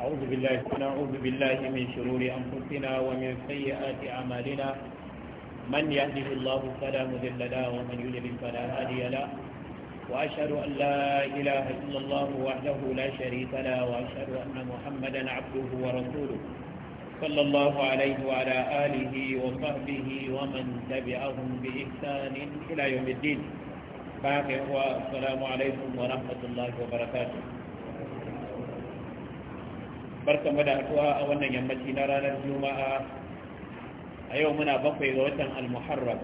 أعوذ بالله أعوذ بالله من شرور أنفسنا ومن سيئات أعمالنا من يهده الله فلا مذل له ومن يضلل فلا هادي له وأشهد أن لا إله إلا الله وحده لا شريك له وأشهد أن محمدا عبده ورسوله صلى الله عليه وعلى آله وصحبه ومن تبعهم بإحسان إلى يوم الدين باقي هو السلام عليكم ورحمة الله وبركاته barkan mu da haɗuwa a wannan yammaci na ranar juma'a a yau muna bakwai ga watan almuharram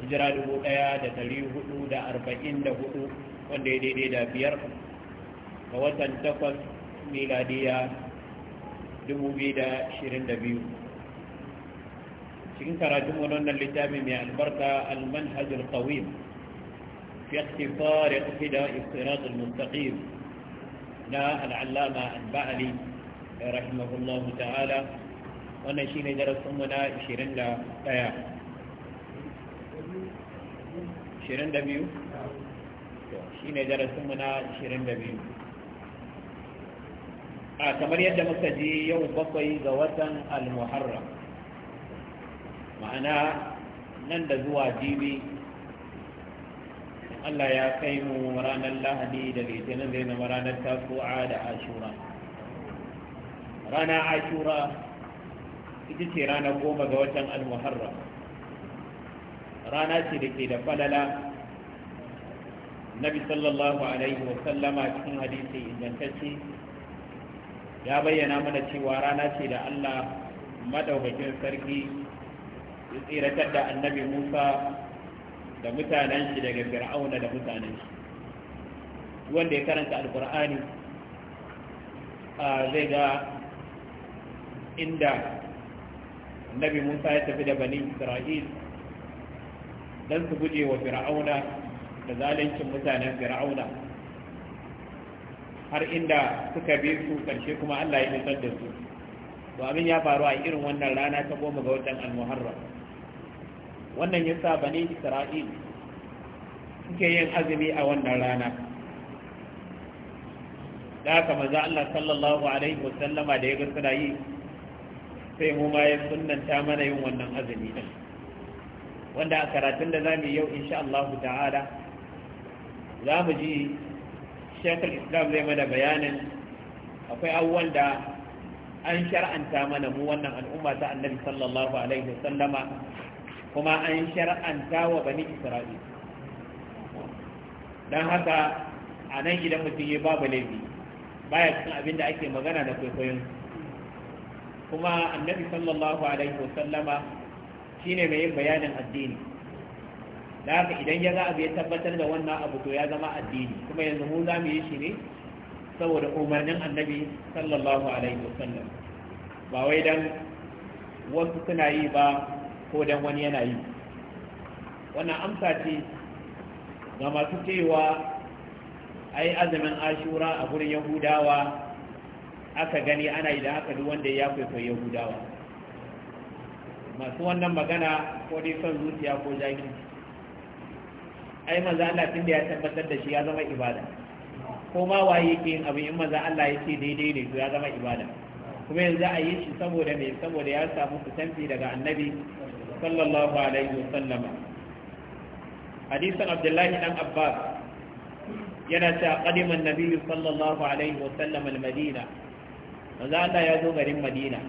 hijira dubu ɗaya da ɗari hudu da arba'in da hudu wanda ya daidai da biyar ga watan takwas miladiya dubu biyu da ashirin da biyu cikin karatun wannan littafi mai albarka almanhajul qawim fi ikhtisar iqtida istirat al-mustaqim لا العلامة البعلي رحمه الله تعالى وانا شين جرس امنا شرن آه. دا تايا شرن دا بيو شين جرس امنا شرن دا بيو آه، كمان يجا مستجي يو بطي زوتا المحرم معنا نند زوا جيبي Allah ya kai mu ranar lahadi da litinin zai ranar tasu'a da ashura rana ashura ita ce rana goma ga watan almuharram rana ce da ke da falala nabi sallallahu alaihi wa sallama cikin hadisi ingantacce ya bayyana mana cewa rana ce da Allah madaukakin sarki ya tsiratar da annabi Musa da mutanen shi daga fir'auna da mutanen shi wanda ya karanta alkur'ani zai ga inda nabi musa ya tafi da bani isra'il don su guje wa fir'auna da zalincin mutanen fir'auna har inda suka bi su karshe kuma allah ya nutsar da su to abin ya faru a irin wannan rana ta goma ga watan al-muharram wannan ya sa bane isra'il suke yin azumi a wannan rana da aka maza Allah sallallahu alaihi wasallama da ya ga suna yi sai mu ma ya sunnanta mana yin wannan azumi din wanda a karatun da zamu yau insha Allah ta'ala za mu ji shekul islam zai mana bayanin akwai awwal da an shar'anta mana mu wannan al'umma ta annabi sallallahu alaihi wasallama kuma an shar'anta wa bani Isra'il. don haka a nan idan mutum ya babu laifi baya cikin abin da ake magana da kwaikwayon kuma annabi sallallahu alaihi wasallama shine mai yin bayanin addini da haka idan ya ga abu ya tabbatar da wannan abu to ya zama addini kuma yanzu mu za mu yi shi ne saboda umarnin annabi sallallahu alaihi wasallam ba wai dan wasu suna yi ba ko dan wani yana yi wannan amsa ce ga masu cewa ai azumin ashura a gurin yahudawa aka gani ana yi da haka duk wanda ya kwaikwayi yahudawa masu wannan magana ko dai son zuciya ko jaki ai maza Allah tun da ya tabbatar da shi ya zama ibada ko ma waye ke yin abin in maza Allah ya ce daidai ne to ya zama ibada kuma yanzu a yi shi saboda me saboda ya samu kusanci daga annabi sallallahu alaihi wasallam hadisan abdullahi dan abbas yana cewa qadiman nabiyyu sallallahu alaihi wasallam al-madina manzo Allah ya zo garin Madina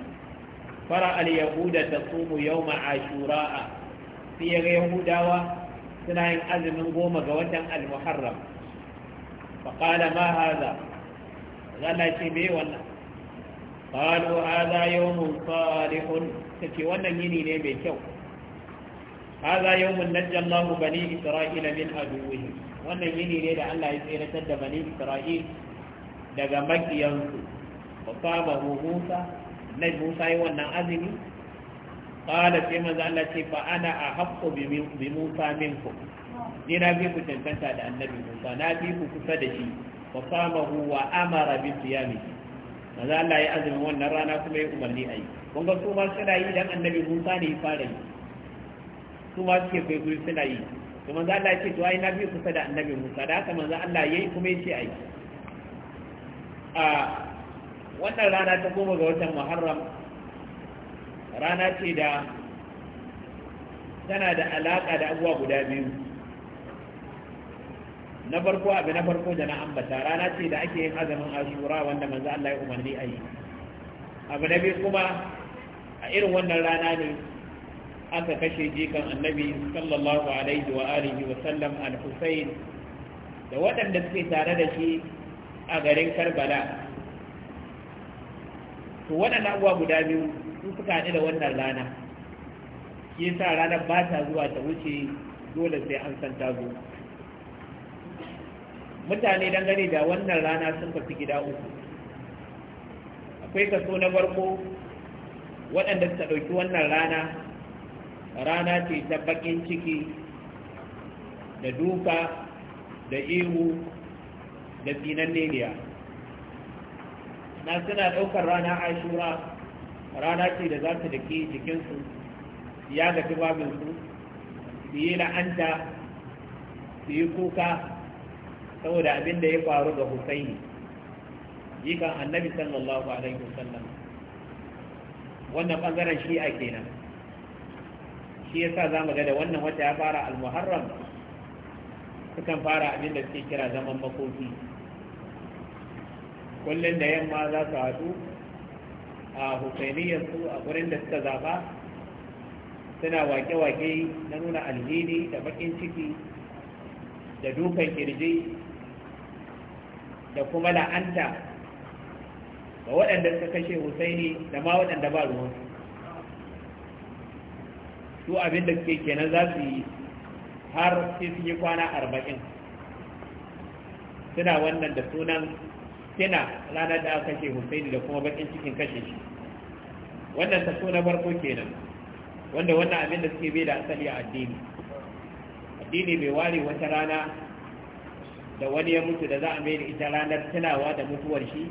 fara al-yahuda tasumu yawma ashura'a sai ya ga yahudawa suna yin azumin goma ga watan al-muharram fa qala ma hadha Allah ce me wannan yini ne mai kyau hadha yawmun najja Allahu bani Isra'ila min aduwwihim wannan yini ne da Allah ya tsiratar da bani Isra'il daga makiyansu fa sabahu Musa nai Musa yi wannan azumi qala sai manzo Allah ce fa ana ahaqqu bi Musa minkum ni na fi ku tantanta da annabi Musa na fi ku kusa da shi fa sabahu wa amara bi siyamihi manzo Allah ya azumin wannan rana kuma ya umarni ayi kun ga su ma suna yi dan annabi Musa ne ya fara yi su ma suke kwaikwayo suna yi to manzo Allah yake to ai na bi kusa da annabi Musa da haka manzo Allah yayi kuma yace ai a wannan rana ta goma ga watan Muharram rana ce da tana da alaka da abuwa guda biyu na farko abu na farko da na ambata rana ce da ake yin azumin ashura wanda manzo Allah ya umarni a yi abu na biyu kuma a irin wannan rana ne aka kashe jikan annabi sallallahu alaihi wa alihi wa sallam al-Husayn da waɗanda suke tare da shi a garin Karbala to waɗannan abuwa guda biyu sun suka haɗu da wannan rana shi yasa ranar ba ta zuwa ta wuce dole sai an san ta zo mutane gani da wannan rana sun kafi gida uku akwai kaso na farko waɗanda suka ɗauki wannan rana rana ce ta bakin ciki da duka da ihu da finan neriya na suna ɗaukar rana ashura rana ce da za su dake jikinsu ya ga tubabinsu su yi la'anta su yi kuka saboda abin da ya faru ga husaini kan annabi sallallahu alaihi wasallam wannan ɓangaren shi'a kenan shi yasa za mu ga da wannan wata ya fara al-muharram sukan fara abin da suke kira zaman makofi kullum da yamma za su haɗu a su a gurin da suka zaɓa suna wake-wake na nuna alhini da bakin ciki da dukan kirji da kuma la'anta ga waɗanda suka kashe husaini da ma waɗanda ba ruwansu su abin da suke kenan za su yi har sai sun yi kwana arba'in suna wannan da sunan kina ranar da kashe Husaini da kuma bakin cikin kashe shi wannan ta suna farko kenan wanda wannan abin da suke bai da asali a addini addini bai ware wata rana da wani ya mutu da za a mai da ita ranar tunawa da mutuwar shi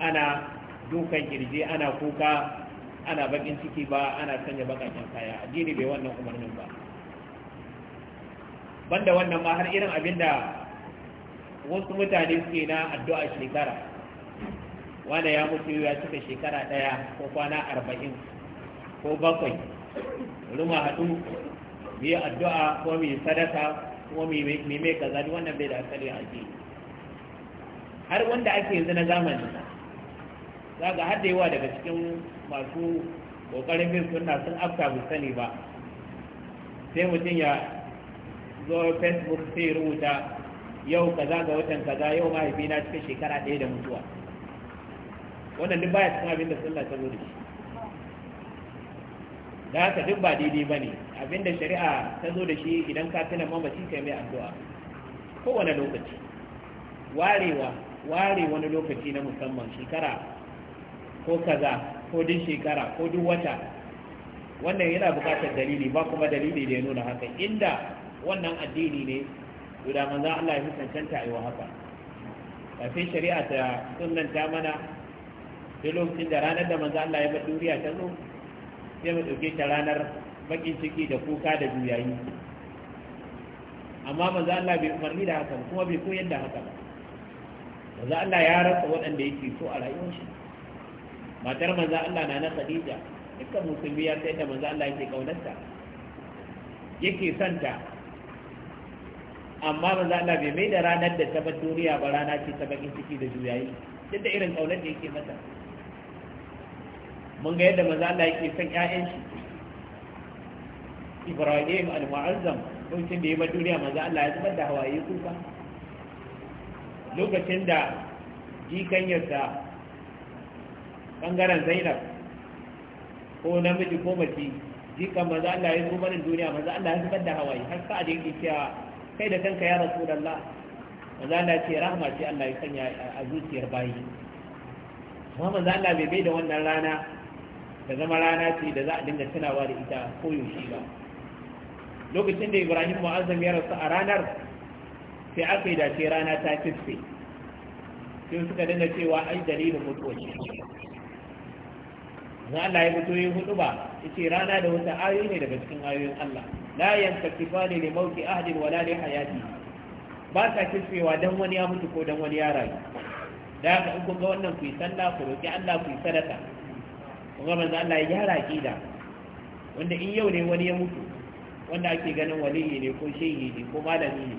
ana dukan kirji ana kuka ana bakin ciki ba ana sanya bakakin kaya addini bai wannan umarnin ba banda wannan ma har irin abinda wasu mutane suke na addu'a shekara wanda ya mutu ya cika shekara ɗaya ko kwana arba'in ko bakwai ruma haɗu mai addu'a ko mai sadaka ko mai mai kaza wannan bai da asali a har wanda ake yanzu na zamani za ga har yawa daga cikin masu kokarin bin sunna sun afta bu sani ba sai mutum ya zo facebook sai rubuta yau kaza ga watan kaza yau mahaifina cikin shekara ɗaya da mutuwa wannan duk baya cikin abin da sunna ta zo da shi da haka duk ba daidai ba ne abin da shari'a ta zo da shi idan ka tuna mamaci kai mai addu'a kowane lokaci warewa ware wani lokaci na musamman shekara ko kaza ko duk shekara ko duk wata wannan yana bukatar dalili ba kuma dalili da ya nuna haka inda wannan addini ne to da manzon Allah ya cancanta a wa haka kafin shari'a ta ta mana duk lokacin da ranar da manzon Allah ya bar duniya ta zo sai mu dauke ta ranar bakin ciki da kuka da juyayi amma manzo Allah bai umarni da haka kuma bai koyar da haka ba manzo Allah ya rasa waɗanda yake so a rayuwar shi matar maza Allah na na Khadija dukkan musulmi ya sai da maza Allah yake kaunarta yake santa amma maza Allah bai mai da ranar da ta bar duniya ba rana ce ta bakin ciki da juyayi duk da irin kaunar da yake mata mun ga yadda maza Allah yake son ƴaƴan shi Ibrahim al-Mu'azzam lokacin da ya bar duniya maza Allah ya zubar da hawaye kuka lokacin da jikanyarsa Ɓangaren zainab ko namiji ko mace jikan maza Allah ya zo barin duniya maza Allah ya zubar da hawaye har sa da yake cewa kai da kanka ya Allah maza Allah ce rahama ce Allah ya sanya a zuciyar bayi amma maza Allah bai bai da wannan rana da zama rana ce da za a dinga tunawa da ita ko yaushe ba lokacin da ibrahim mu'azzam ya rasu a ranar sai aka yi dace rana ta kiffe, sai suka dinga cewa ai dalilin mutuwa ce na Allah ya mutu yi hudu ba yace rana da wata ayoyi ne daga cikin ayoyin Allah la yantakifani li mauti ahadin wala li hayati ba ta kifewa dan wani ya mutu ko dan wani ya rayu da ka ku ga wannan ku yi sallah ku roki Allah ku yi sadaka Ku ga manzo Allah ya gyara kida wanda in yau ne wani ya mutu wanda ake ganin waliyi ne ko shehi ne ko malami ne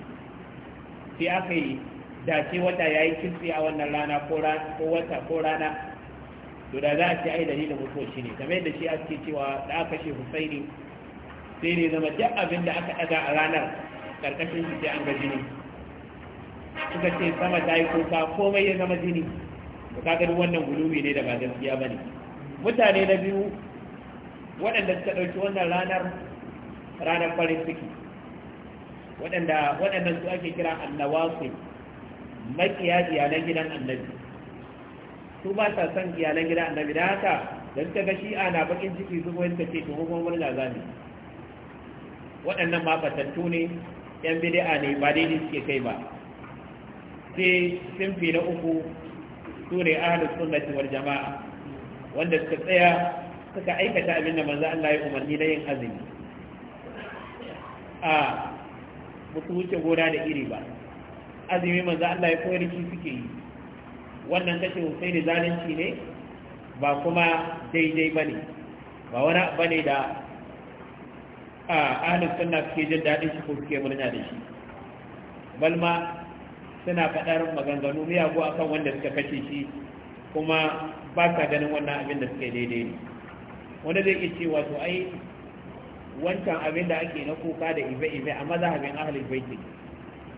sai aka yi dace wata yayi kifi a wannan rana ko rana ko wata ko rana to da za a ce ai dalilin mutuwa shi ne kamar yadda shi a suke cewa da aka ce husaini sai ne zama duk abin da aka ɗaga a ranar ƙarƙashin shi sai an ga jini suka ce sama ta yi kuka komai ya zama jini to ka gani wannan gulubi ne da ba gaskiya ba ne mutane na biyu waɗanda suka ɗauki wannan ranar ranar farin ciki waɗanda waɗannan su ake kira annawasi makiya na gidan annabi su ba sa san iyalan gida annabi da haka don ta ga shi'a na bakin ciki zuwa yadda ce to hukumar wani lazami waɗannan ma fatattu ne yan bidi'a ne ba daidai suke kai ba sai sinfi na uku su ne ahlus sunnati wal jama'a wanda suka tsaya suka aikata abin da manzo Allah ya umarni na yin azumi a musu wuce gona da iri ba azumi manzo Allah ya koyar shi suke yi wannan kashe da zalunci ne ba kuma daidai bane ba wani bane ne da a ahlus sunna suke jin daɗin shi ko suke murna da shi balma suna faɗar maganganu miyagu akan wanda suka kashe shi kuma ba sa ganin wannan abin da suke daidai ne wanda zai iya cewa ai wancan abin da ake na kuka da ibe-ibe a mazhabin ahlul baiti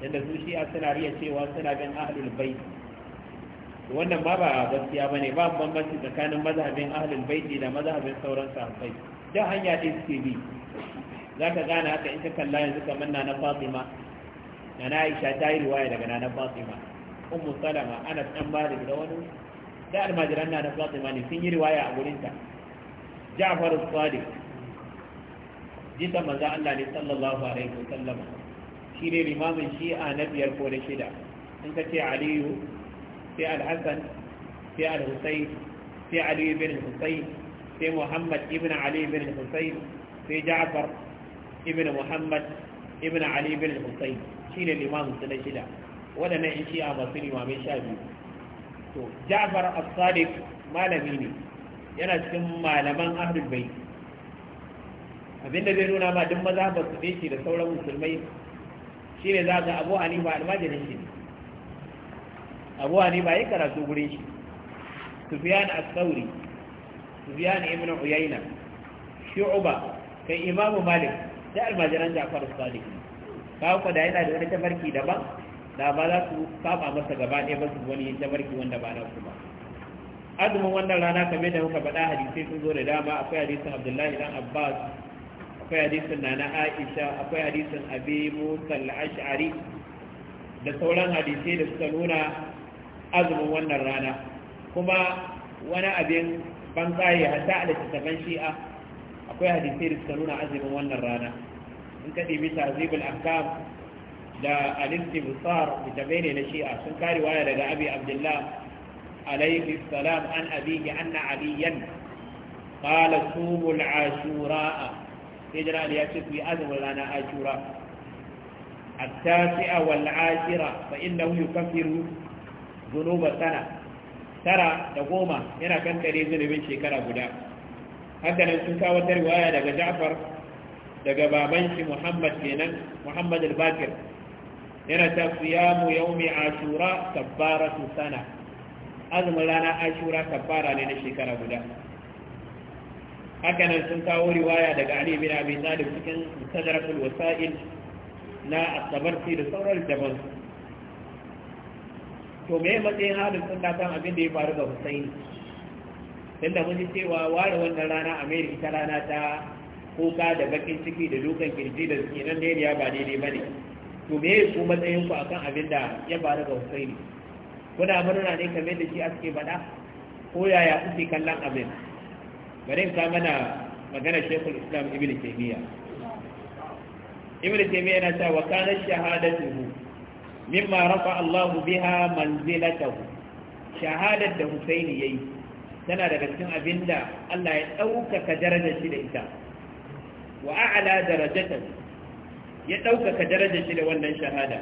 yadda su shi suna riya cewa suna bin ahlul baiti wannan ba ba gaskiya bane ba bambanci tsakanin mazhabin ahlul baiti da mazhabin sauran sahabbai da hanya ɗin suke bi zaka gane haka in ka kalla yanzu kamar Nana Fatima Nana Aisha ta yi riwaya daga Nana Fatima Ummu Salama Anas dan Malik da wani da almajiran na Fatima ne sun yi riwaya a gurin ta Ja'far as-Sadiq jita manzo Allah ne sallallahu alaihi wasallam shi ne limamin shi'a na biyar ko da shida in ka ce Aliyu sai al-hasan sai al-husayn sai ali ibn al-husayn sai muhammad ibn ali ibn al-husayn sai ja'far ibn muhammad ibn ali ibn al-husayn shine imam su shida wadannan in shi'a masu limamai sha biyu to ja'far as-sadiq malami ne yana cikin malaman ahlul bayt abinda zai nuna ma duk maza ba su dace da sauran musulmai shine za ga abu ba almajirin shi ne abu ba ya karatu gurin shi sufyan as-sauri sufyan ibn uyayna shu'ba kai imamu malik da almajiran ja'far sadiq ka ko da yana da wani tafarki daban da ba za su saba masa gaba ɗaya ba su wani tafarki wanda ba na su ba azumin wannan rana kame da muka faɗa hadisai sun zo da dama akwai hadisin abdullahi dan abbas akwai hadisin nana aisha akwai hadisin abi musa al-ash'ari da sauran hadisai da suka nuna azumin wannan rana kuma wani abin ban tsaye hatta a littattafan shi'a akwai hadisai da suka nuna azumin wannan rana in kaɗe bisa tazibul ahkam da alisti busar littattafai ne na shi'a sun kari waya daga abi abdullah alaihi salam an abihi anna aliyan qala sumul ashura'a sai jira ya ce ku yi azumin rana ashura التاسعة والعاشرة فإنه يكفر zunuba sana tara da goma yana kankare zunubin shekara guda haka nan sun kawo tarwaya daga ja'far daga baban shi muhammad kenan muhammad al-bakir yana ta siyamu yaumi ashura kabbaratu sana azumin rana ashura kabbara ne na shekara guda haka nan sun kawo riwaya daga ali bin abi talib cikin sadrakul wasa'il na asabarti da sauran littafansu to me matsayin halin da kan abin da ya faru ga Husaini tunda mun ji cewa ware wannan rana a mai rana ta kuka da bakin ciki da dukan kirji da suke nan ne ba daidai ba ne to me ku matsayin ku akan abin da ya faru ga Hussaini? kuna murna ne kamar da shi aske bada ko yaya kuke kallon abin bari ka mana magana Sheikhul Islam Ibn Taymiyyah Ibn Taymiyyah yana cewa kana shahadatu mimma rafa Allahu biha manzilatahu shahadar da Husaini yayi tana daga cikin abinda Allah ya ɗaukaka darajar shi da ita wa a'la darajatahu ya ɗaukaka darajar shi da wannan shahada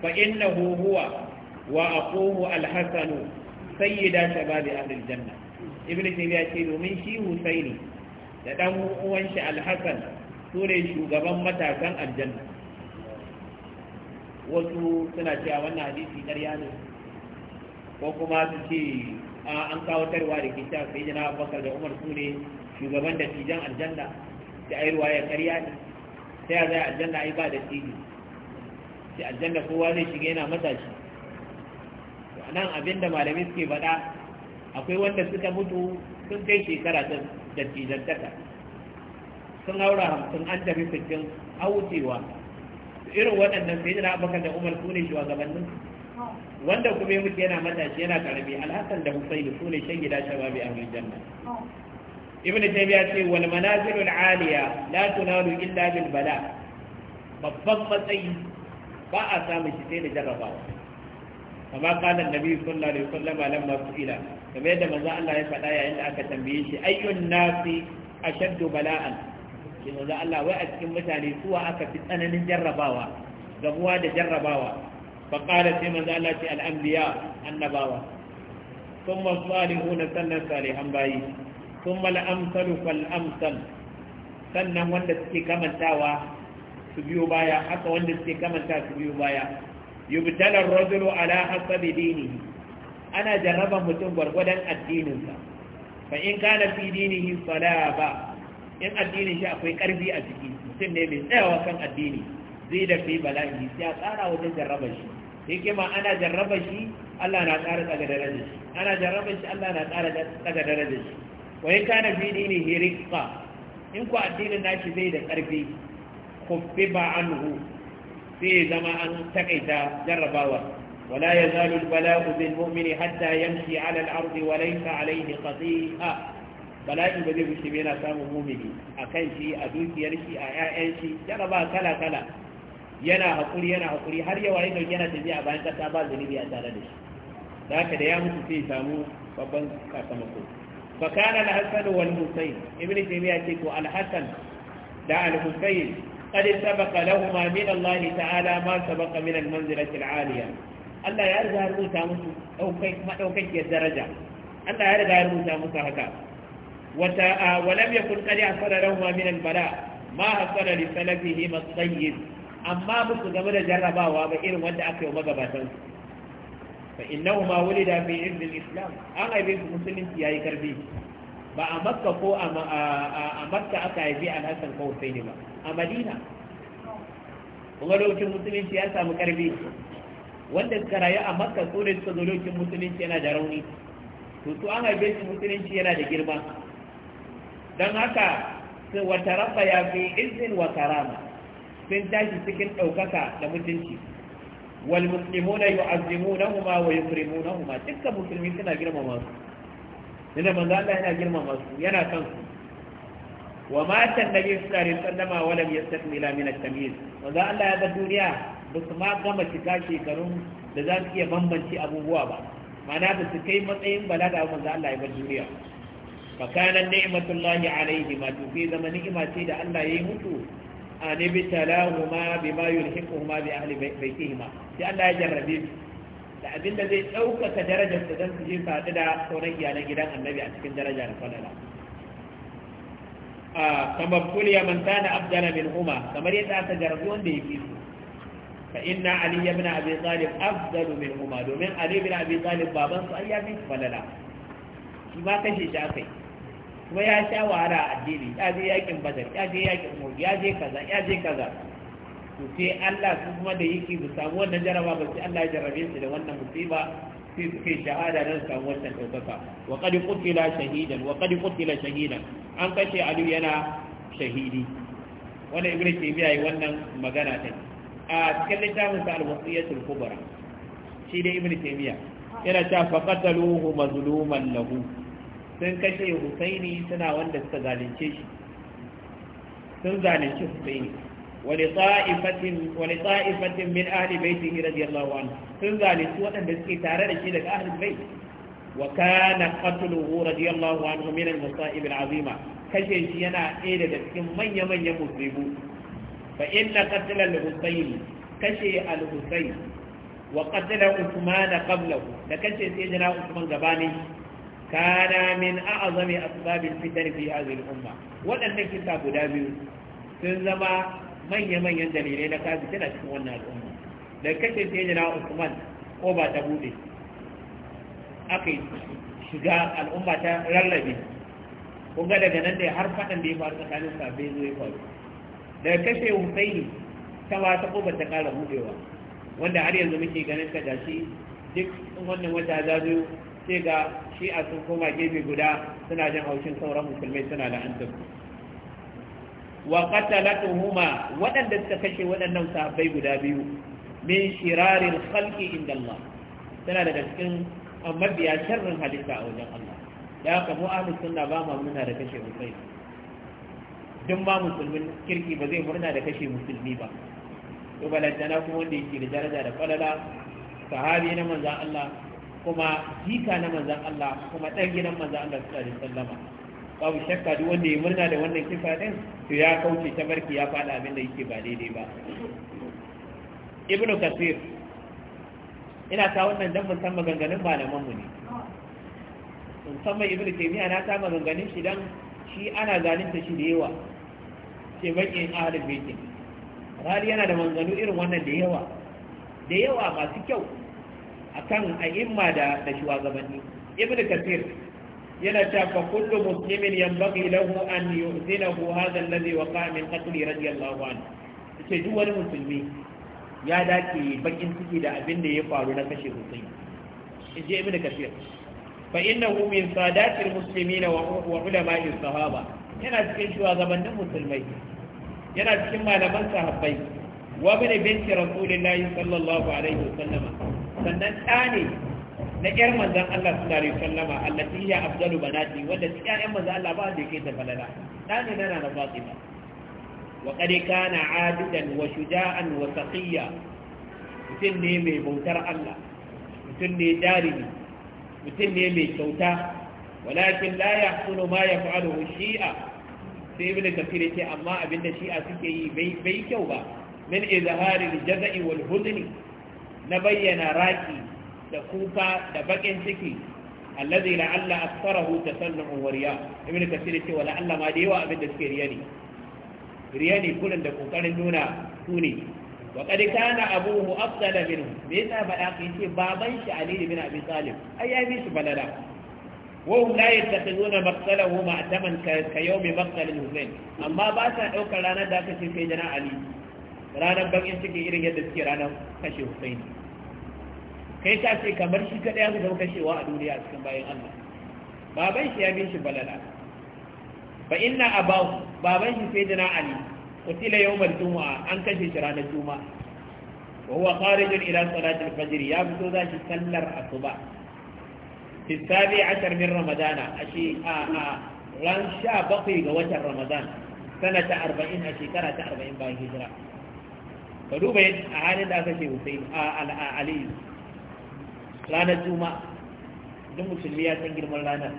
fa innahu huwa wa aquhu al-hasan sayyida shababi ahli janna ibnu ya ce domin shi Hussaini da dan uwan shi al-hasan sure shugaban matasan aljanna wasu suna cewa wannan hadisi ƙarya ne ko kuma su ce an kawo tarwa da ke cewa sai jana bakar da umar su ne shugaban da tijan aljanna da ai ruwa ya ƙarya ne sai a zai aljanna ai ba da tiji sai aljanna kowa zai shiga yana matashi nan abin da malami suke faɗa akwai wanda suka mutu sun kai shekara ta dattijantaka sun haura hamsin an tafi fitin haucewa irin waɗannan sai na abakar da umar su ne shugabannin wanda kuma ya mutu yana matashi yana karami alhassan da husaini su ne shan gida shababi a janna ibn ya ce wal manazil al aliya la tunalu illa bil bala babban matsayi ba a samu shi sai da jarrabawa kama kana annabi sallallahu alaihi wasallam lamma su'ila kamar yadda manzo Allah ya faɗa yayin da aka tambaye shi ayyun nasi ashaddu bala'an sai manzo Allah wai a cikin mutane suwa aka fi tsananin jarrabawa gamuwa da jarrabawa fa qala sai manzo Allah ce al anbiya annabawa thumma salihuna sannan salihan bayi thumma al amsalu fal amsal sannan wanda suke kamantawa su biyo baya haka wanda suke kamantawa su biyo baya yubtala ar-rajulu ala hasabi dinihi ana jarraba mutum gwargwadon addininsa fa in kana fi dinihi salaba in addini shi akwai karfi a ciki mutum ne mai tsayawa kan addini zai da fi bala'i sai a tsara wajen jarraba shi hikima ana jarraba shi Allah na tsara daga darajar shi ana jarraba shi Allah na tsara daga darajar shi wa in kana fi dini hirqa in ku addinin nashi zai da karfi ba anhu sai zama an takaita jarrabawa ولا يزال البلاء بالمؤمن حتى يمشي على الأرض وليس عليه خطيئة bala'i ba zai wuce ba yana samun mumini a kan shi a dukiyar shi a 'ya'yan shi yana ba kala kala yana haƙuri yana haƙuri har yawa yana gari yana tafiya a bayan ƙasa ba zunubi a tare da shi da haka da ya mutu sai samu babban sakamako fa kana al-hasan wal husayn ibnu taymiya ce ko al-hasan da al-husayn qad sabaqa lahumu min Allah ta'ala ma sabaqa min al-manzilati al-'aliya Allah ya riga rubuta musu daukai madaukakiyar daraja Allah ya riga rubuta musu haka wata walam yakun qad hasara lahum min al-bala ma hasara li salafihim at-tayyib amma ba su game da jarrabawa ba irin wanda aka yi magabatan su fa innahuma wulida fi irdil islam an haife su musulunci yi karfi ba a makka ko a makka aka haifi alhassan ko husaini ba a madina kuma lokacin musulunci ya samu karfi wanda suka rayu a makka su ne suka musulunci yana da rauni to su an haife su musulunci yana da girma don haka su wata rabba ya fi izin wa karama sun tashi cikin ɗaukaka da mutunci wal na huma wa na yukrimunahuma dukkan musulmi suna girmama su inda manzo Allah yana girmama su yana kan su wa mata annabi sallallahu alaihi wasallam wa lam yastakmila min at-tamyiz manzo Allah ya ga duniya ba su ma gama cika shekarun da za su iya bambanci abubuwa ba ma'ana ba su kai matsayin balaga manzo Allah ya ga duniya فكان النعمة الله عليهما تفيد من نعمة سيدة أن لا يموتوا أن يبتلاهما بما يلحقهما بأهل بيتهما لأن لا يجب ربيب لأبن الذي أوقع درجة سيدان سجين فأتدى صوري على يعني جدان النبي أتكن درجة رسول الله آه كما بقول يا من كان أبدل منهما كما ليس أتجربون به فإن علي بن أبي طالب أفضل منهما دومين علي بن أبي طالب بابا صلى الله عليه وسلم ما تجي جاكي kuma ya sha wahala a addini ya je yakin badar ya je yakin uhud ya je kaza ya je kaza to sai Allah su kuma da yake su samu wannan jaraba ba sai Allah ya jarabe su da wannan musiba sai Su yi shahada don samu wannan ɗaukaka wa qad qutila shahidan wa qad qutila shahidan an kashe Ali yana shahidi wannan ibnu taymiya yi wannan magana ta a cikin littafin sa al-wasiyatul kubra shi da ibnu taymiya yana ta faqataluhu mazluman lahu sun kashe husaini suna wanda suka zalunce shi sun zalunci husaini wani tsa'ifatin min ahli baitihi radiyallahu anhu sun zalunci waɗanda suke tare da shi daga ahli bai? wa kana qatluhu radiyallahu anhu min al-masa'ib al-azima kashe shi yana ɗaya daga cikin manya-manyan musibu fa inna qatl al-husayn kashe al-husayn wa qatl Uthman qablahu da kashe sayyidina Uthman gabanin kana min a'zami asbabil fitan fi hadhihi al-umma wadannan kisa guda biyu sun zama manya-manyan dalilai na kafi tana cikin wannan al'umma da kashe sayyidina Usman ko ba ta bude aka shiga al'umma ta rarrabe kun ga daga nan dai har fadan da ya faru tsakanin sabai zai faru daga kashe Husaini ta ba ta kobar ta kara budewa wanda har yanzu muke ganin ka gashi duk wannan wata zazo sai ga shi'a sun koma gefe guda suna jin haushin sauran musulmai suna da la'antar wa qatalatuhuma waɗanda suka kashe waɗannan sahabbai guda biyu min shirarin khalqi inda Allah tana daga cikin mabiya sharrin halitta a wajen Allah da haka mu ahlus sunna ba ma muna da kashe musulmai duk ma musulmin kirki ba zai murna da kashe musulmi ba to balantana kuma wanda yake da daraja da falala sahabi na manzan Allah kuma jika na manzan Allah kuma ɗan gidan manzan Allah su alaihi sallama babu shakka duk wanda ya murna da wannan kifa ɗin to ya kauce ta barki ya faɗa abin da yake ba daidai ba ibnu kasir ina ta wannan dan mun san maganganun malaman mu ne musamman ibnu taymiya na ta maganganun shi dan shi ana zalunta shi da yawa ce bakin ahlul bait rali yana da manzanu irin wannan da yawa da yawa masu kyau akan a'imma da da shugabanni ibnu kathir yana ta fa kullu muslimin yanbaghi lahu an yu'zinahu hadha alladhi waqa'a min qatli radiyallahu anhu ce duk wani musulmi ya dace bakin ciki da abin da ya faru na kashe hussein in je ibnu kathir fa innahu min sadatil muslimin wa ulama'i sahaba yana cikin shugabannin musulmai yana cikin malaman sahabbai wa bin binti rasulillahi sallallahu alaihi wasallam sannan ɗa ne na ƴar manzan Allah sallallahu alaihi wasallama allati hiya afdalu banati wadda cikin ƴaƴan manzan Allah ba da yake ta falala ɗa ne nana na Fatima wa qad kana adidan wa shuja'an wa saqiya mutum ne mai bautar Allah mutum ne jarimi mutum ne mai kyauta walakin la yahsunu ma yaf'aluhu shi'a sai ibnu kafir ce amma abinda shi'a suke yi bai bai kyau ba min izharil jaza'i wal huzni na bayyana raki da kuka da bakin ciki allazi la'alla asfarahu tasallu wa riya ibn kasir ce wala Allah ma da yawa abin da suke riya ne riya ne kullun da kokarin nuna tuni wa qad kana abuhu afdala minhu me yasa ba da ce baban shi ali bin abi talib ai ya bi shi balala wa hum la yattakhizuna maqtalahu ma'taman ka yawmi maqtal al-husayn amma ba sa daukar ranar da aka ce sai jana ali ranar bakin suke irin yadda suke ranar kashe ne. kai ta ce kamar shi kaɗai ya zama kashewa a duniya a cikin bayan Allah baban shi ya bin shi balala ba inna ba baban shi sai dana ali yau mai juma'a an kashe shi ranar juma'a wa huwa kharijun ila salati al-fajr ya fito za shi sallar asuba fi sabi ashar min ramadana ashi a a ran sha bakwai ga watan ramadan sanata arba'in a shekara ta arba'in bayan hijira ka duba a halin da aka ce Hussein a Ali ranar Juma'a duk musulmi ya san girman ranar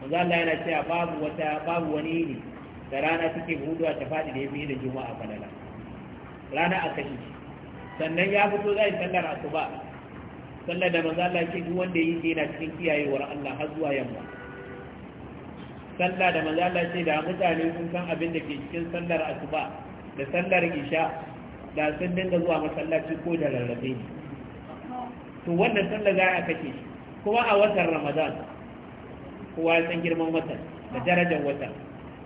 maza Allah yana a babu wata babu wani ne da rana suke huduwa ta faɗi da ya fiye da Juma'a falala rana a kashi sannan ya fito zai sallar asuba sallar da maza Allah ya ce duk wanda yi yana cikin kiyayewar Allah har zuwa yamma Sallar da maza Allah ya ce da mutane sun san abin da ke cikin sallar asuba da sallar isha da sun dinga zuwa masallaci ko da rarrafe ne to wannan sallar za a kace kuma a watan ramadan kowa san girman watan da darajar watan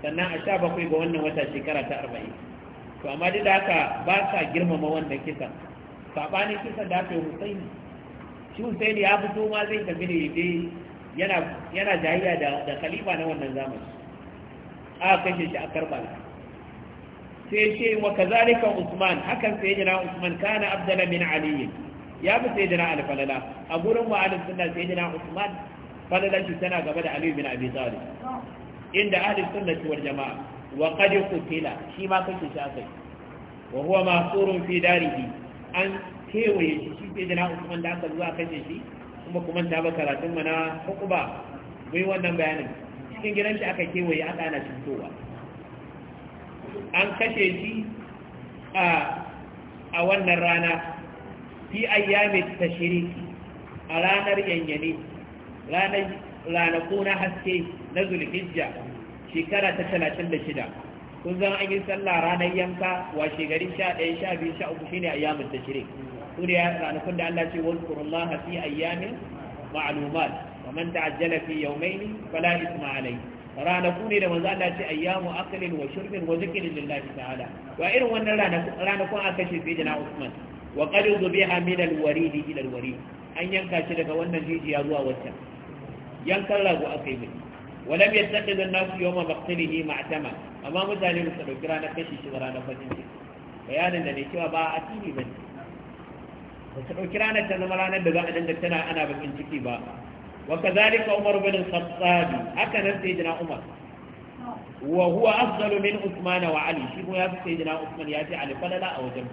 sannan a sha bakwai ga wannan wata shekara ta arba'in to amma duk da haka ba sa girmama wannan kisan saɓanin kisan da aka yi husaini shi husaini ya fito ma zai tafi da yabe yana jayayya da khalifa na wannan zamani a kashe shi a karbala sai ce wa kazalika usman hakan sai jira usman kana abdala min ali ya bi sai jira alfalala a gurin wa ahlus sunna sai jira usman falala shi tana gaba da ali bin abi talib inda ahli sunna wal jamaa wa qad qutila shi ma kake shi akai wa huwa ma'thurun fi darihi an kewaye shi shi sai jira usman da aka zuwa kace shi kuma kuma ta ba karatun mana hukuba bai wannan bayanin cikin gidan shi aka kewaye aka ana shi fitowa an kashe shi a wannan rana fi ayyami tashiriki a ranar yanyane ranaku na haske na zulhijja shekara ta talatin da shida kun zan an yi sallah ranar yanka wa shekarun sha ɗaya sha biyu sha uku shine ayyamin tashirik ya ne ranakun da Allah ce wani kurullah fi ayyamin ma'alumat wa man ta'ajjala fi yawmaini fala isma alayhi ranaku ne da manzo Allah ce ayyamu aqlin wa shurbin wa zikrin lillahi ta'ala wa irin wannan ranakun aka ce sai jana Usman wa qad zubiha min al waridi ila al-warid an yanka shi daga wannan jijiya zuwa wata yankan rago aka yi mai walam yattaqid an-nas yawma maqtilihi ma'tama amma mutane su dauki ranar kashi shi ranar fatin shi bayanin da ne cewa ba a ba bane ba su dauki ranar ta zama ranar da za a dinga tana ana bakin ciki ba وكذلك عمر بن الخطاب هكذا سيدنا عمر وهو أفضل من عثمان وعلي شيء يا سيدنا عثمان ياتي علي فلا لا أو جمع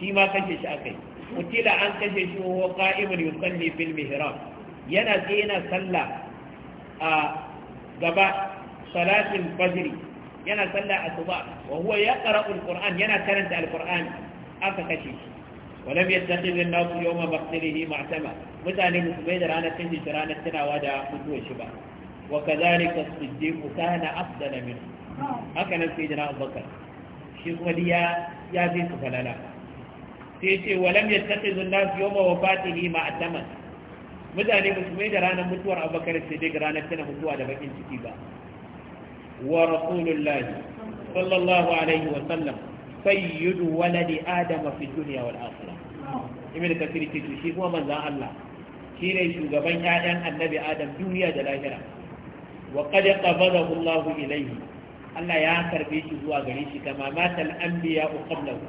شيما ما كشش أكي قتل عن كشش وهو قائم يصلي في المهراب ينا سينا صلى آه، قبع صلاة الفجر ينا صلى الصباح وهو يقرأ القرآن ينا كرنت القرآن أكا ولم يتخذ الناس يوم مقتله معتمد mutane musulmai da ranar cin shi ranar tunawa da mutuwar shi ba wa ka kadhalika as-siddiq kana afdala min haka nan sai jira abubakar shi kuma ya ya fi su falala sai ce walam yattakhidhu an-nas yawma wafatihi ma'taman mutane musulmai da ranar mutuwar abubakar sai siddiq ranar tana mutuwa da bakin ciki ba wa rasulullahi sallallahu alaihi wa sallam sayyidu waladi adama fi dunya wal akhirah ibn kathir ce shi kuma manzon Allah ne shugaban 'ya'yan annabi adam duniya da lahira wa qad qabadahu Allah ilayhi Allah ya karbe shi zuwa gare shi kama matal anbiya qablahu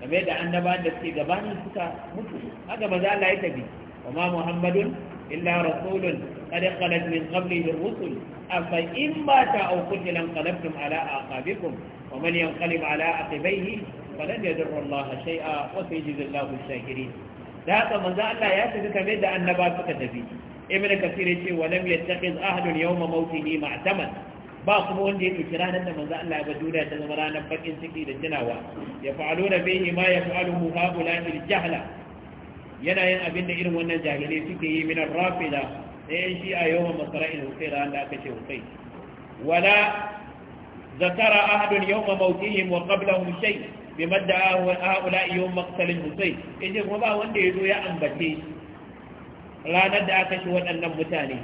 kamar da annabawan da suke gabanin suka mutu haka maza Allah ya tabi wa ma muhammadun illa rasulun qad khalat min qablihi ar-rusul afa in mata aw qutila qalabtum ala aqabikum wa man yanqalib ala da ya yadurra Allah shay'a wa sayajzi Allahu ash-shakirin da haka manzo Allah ya tafi kamar da annaba suka tafi ibnu kasir ya ce wa lam yattakhiz ahadun yawma mawtihi ma'taman ba kuma wanda ya ɗauki ranar da manzo Allah ya ba duniya ta zama ranar bakin ciki da tunawa ya fa'alu na bihi ma ya fa'alu haula il jahla yana yin abin da irin wannan jahilai suke yi min rafida da yan shi a yawan masara'il hukai ran da aka ce hukai wala zakara ahadun yawma mautihim wa qablahum shay bi madda haula yawm maqtalin husayn yace kuma ba wanda ya zo ya ambace ranar da aka ci waɗannan mutane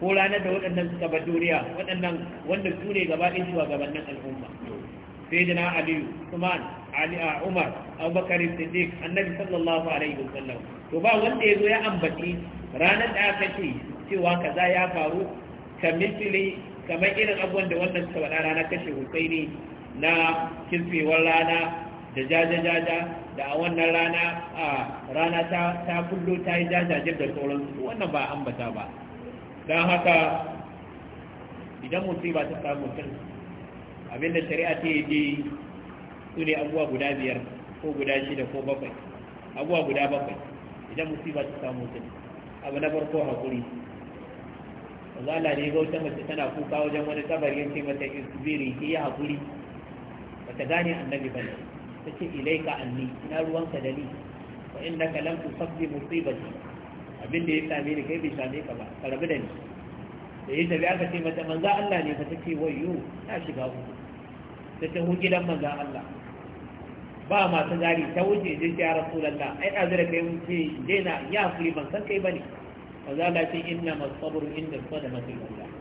ko ranar da waɗannan suka ba duniya waɗannan wanda su ne gaba ɗin shugabannin al'umma sayyidina aliyu usman ali a umar abubakar siddiq annabi sallallahu alaihi wasallam to ba wanda ya zo ya ambace ranar da aka ce cewa kaza ya faru kamithili kamar irin abubuwan da wannan suka faɗa ranar kashe Hussaini. na kirfewar rana da jaja-jaja da a wannan rana a rana ta kullo ta yi jajajen da sauransu wannan ba ambata ba don haka idan mutum ba ta samu mutum abinda shari'a ta yi je su ne abuwa guda biyar ko guda shida ko bakwai abuwa guda bakwai idan mutum ba ta samu mutum abu na farko haƙuri ala ne ga wata mace tana kuka wajen wani kabarin ce mata isbiri ke yi haƙuri bata gane annabi bane take ilaika anni ina ruwanka da ni wa innaka lam tusabbi musibati abinda ya same ni kai bai same ka ba ka rabu da ni da ya tabi aka ce mata manza Allah ne ba take wayyo ta shiga ku ta taho gidan manza Allah ba masu gari ta wuce je ya rasulullah ai zira kai mun ce daina ya fuli ban san kai bane manza Allah ce inna masabru inda sadamatul Allah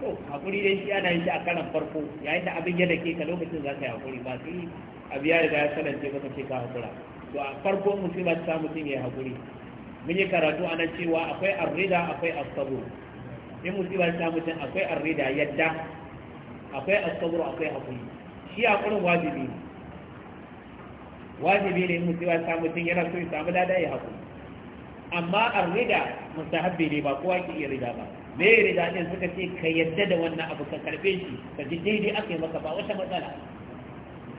to hakuri dai shi ana yin shi a karan farko yayin da abin ya dake ka lokacin za ka yi hakuri ba sai abu ya riga ya sanance maka ce ka hakura to a farko ba ta mutum ya yi hakuri mun yi karatu a nan cewa akwai arrida akwai asabu in ba ta mutum akwai arrida yadda akwai asabu akwai hakuri shi hakurin wajibi ne wajibi ne in ba ta mutum yana so ya samu dada ya hakuri amma arrida mustahabbi ne ba kowa ke iya rida ba me da ɗin suka ce ka yadda da wannan abu ka karfe shi ka ji daidai aka yi maka ba wata matsala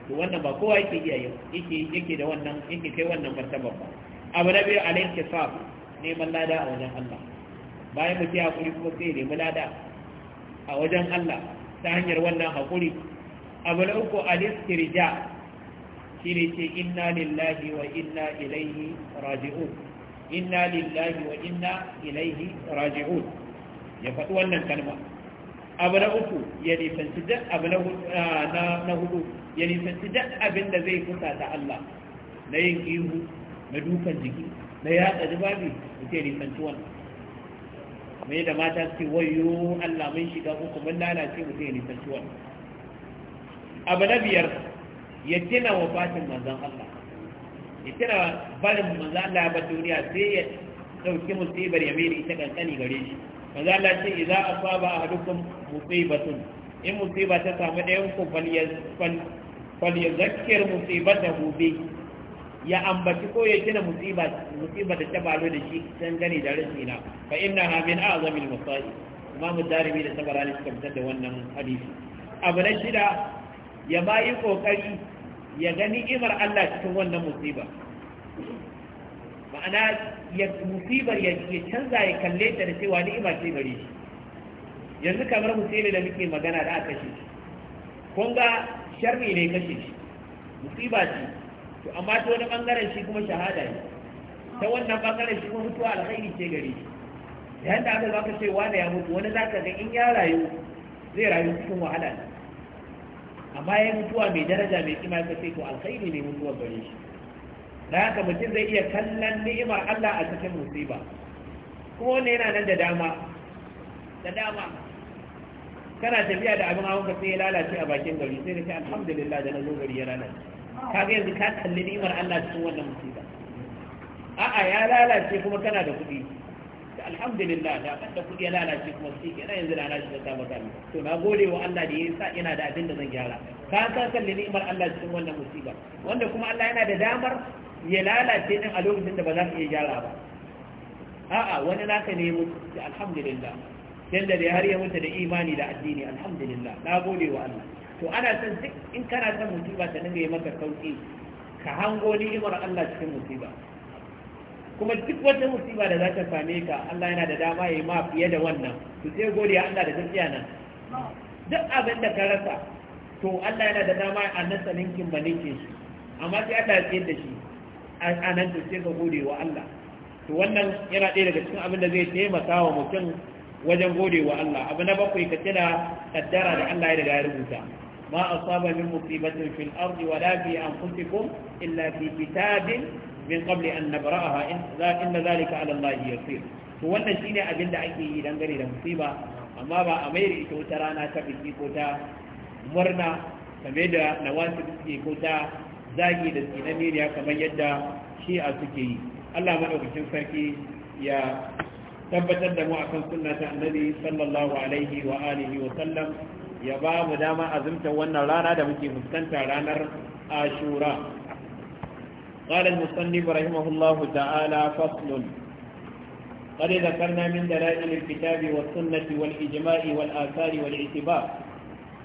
to wannan ba kowa yake iya yau yake yake da wannan yake kai wannan martaba ba abu na biyu alayhi kisab neman lada a wajen Allah bayan mu ya hakuri kuma sai nemi lada a wajen Allah ta hanyar wannan hakuri abu na uku alistirja shi ne ce inna lillahi wa inna ilaihi raji'un inna lillahi wa inna ilaihi raji'un ya faɗi wannan kalma abu na uku ya nisanci duk abu na hudu ah, ya nisanci duk abin da zai fusa ta Allah na yin ihu na dukan jiki na yatsa jibabi mutum ya nisanci wannan mai da mata suke wayo Allah mun shiga uku mun lalace mutum ya nisanci wannan abu na biyar ya tina wa fatin manzan Allah ya tuna barin manzan Allah ba duniya sai ya ɗauki musibar ya mai da ita kankani gare shi maza Allah ce idza asaba dukkan musibatun in musiba ta samu ɗayan ku falyazakkir da gobe. ya ambaci ko ya kina musiba da ta balo da shi dan gani da rashi na fa innaha min a'zamil masaib imam darimi da tabarani suka fitar da wannan hadisi abu na shida ya bayi kokari ya gani imar Allah cikin wannan musiba ma'ana ya musibar ya canza ya kalle ta da cewa ni'ima ce gare shi yanzu kamar musibi da muke magana da aka kashe shi kun ga sharri ne kashe shi musiba ce to amma ta wani bangaren shi kuma shahada ne ta wannan bangaren shi kuma mutuwa alkhairi ce gare shi da da aka za ka cewa da ya mutu wani ka ga in ya rayu zai rayu cikin wahala ne amma ya mutuwa mai daraja mai kima ka ce to alkhairi ne mutuwar gare shi da haka mutum zai iya kallon ni'imar Allah a cikin musiba kuma wannan yana nan da dama da dama kana tafiya da abin hawan sai ya lalace a bakin gari sai da ce alhamdulillah da na zo gari ya lalace ga yanzu ka kalli ni'imar Allah cikin wannan musiba a'a ya lalace kuma kana da kuɗi da alhamdulillah da kan da kuɗi ya lalace kuma shi nan yanzu da lalace ta maka to na gode wa Allah da ya sa ina da abin da zan gyara ka ka kalli ni'imar Allah cikin wannan musiba wanda kuma Allah yana da damar ya lalace din a lokacin da ba za ka iya gyara ba a'a wani naka ne mutu da alhamdulillah dan da har ya mutu da imani da addini alhamdulillah na gode wa Allah to ana san duk in kana son musiba ta dinga yi maka sauki ka hango ni'imar Allah cikin musiba kuma duk wata musiba da za ta same ka Allah yana da dama ya yi ma fiye da wannan to sai gode Allah da tafiya nan duk abin da ka rasa to Allah yana da dama a nasa ninkin ba ninkin shi amma sai Allah ya tsayar da shi a nan to ka gode wa Allah to wannan yana ɗaya daga cikin abin da zai taimaka wa mutum wajen gode wa Allah abu na bakwai ka tuna kaddara da Allah ya riga ya rubuta ma asaba min musibatin fil ardi wala fi anfusikum illa fi kitabin min qabli an nabra'aha inna zalika ala Allah yasir to wannan shine abin da ake yi gare da musiba amma ba a mai da ita wata rana ta biki ko ta murna kamar da nawasu suke ko ta zagi da tsinaniriya kamar yadda shi'a suke yi Allah maɗaukacin sarki ya tabbatar da mu akan sunna ta annabi sallallahu alaihi wa alihi wa sallam ya ba mu dama azumta wannan rana da muke fuskanta ranar ashura قال المصنف رحمه الله تعالى فصل قد ذكرنا من دلائل الكتاب والسنة والإجماع والآثار والاعتبار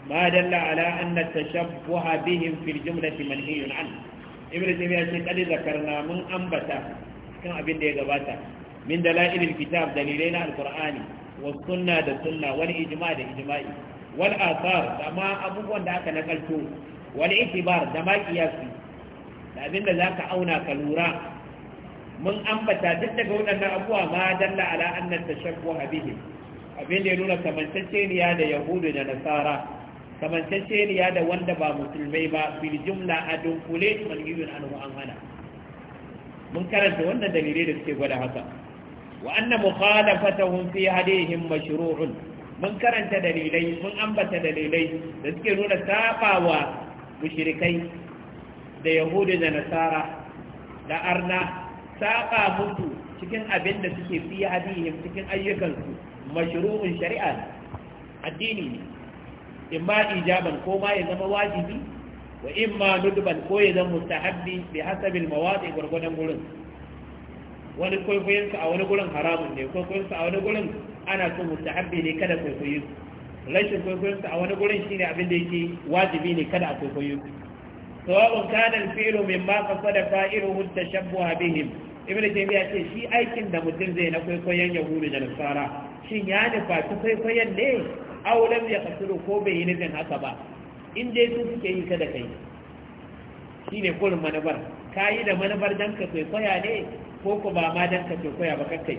ما دل على أن التشبه بهم في الجملة منهي عنه ابن تيمية قد ذكرنا من أنبتا كان أبن دي غباتا من دلائل الكتاب دليلين القرآن والسنة دا سنة والإجماع دا إجماعي والآثار دا ما أبوه دا أكا نقلتو والاعتبار دا ما قياسي دا أبن دا ذاك أونا كالورا من أنبتا جدا قولنا أن أبوه ما دل على أن التشبه بهم أبن دي نونا كمن تشيني هذا يهود دا نصارى ya da wanda ba musulmai ba bil jumla a dunkule manhiyun anhu an hana mun karanta wannan dalilai da suke gwada haka wa anna mukhalafatuhum fi hadihim mashru'un mun karanta dalilai mun ambata dalilai da suke nuna sabawa mushrikai da yahudi da nasara da arna saba mutu cikin abin da suke fi hadihim cikin ayyukansu mashru'un shari'a addini ne in ma ijaban ko ma ya zama wajibi wa in ma nudban ko ya zama mustahabbi bi hasabil mawadi gurgudan gurin wani kwaikwayon ka a wani gurin haramun ne kwaikwayon ka a wani gurin ana so mustahabbi ne kada kwaikwayo rashin kwaikwayon ka a wani gurin shine abin da yake wajibi ne kada a kwaikwayo sawabun kanan filo min ma qasada fa'iluhu tashabbuha bihim ibn taymiya ce shi aikin da mutum zai na kwaikwayon yahudu da nasara shin ya nufa kwaikwayon ne aw lam yaqtulu ko bai yi nufin haka ba in dai su suke yi kada kai shine kullum manabar kayi da manabar dan ka kwaikwaya ne ko ko ba ma dan ka kwaikwaya ba kakkai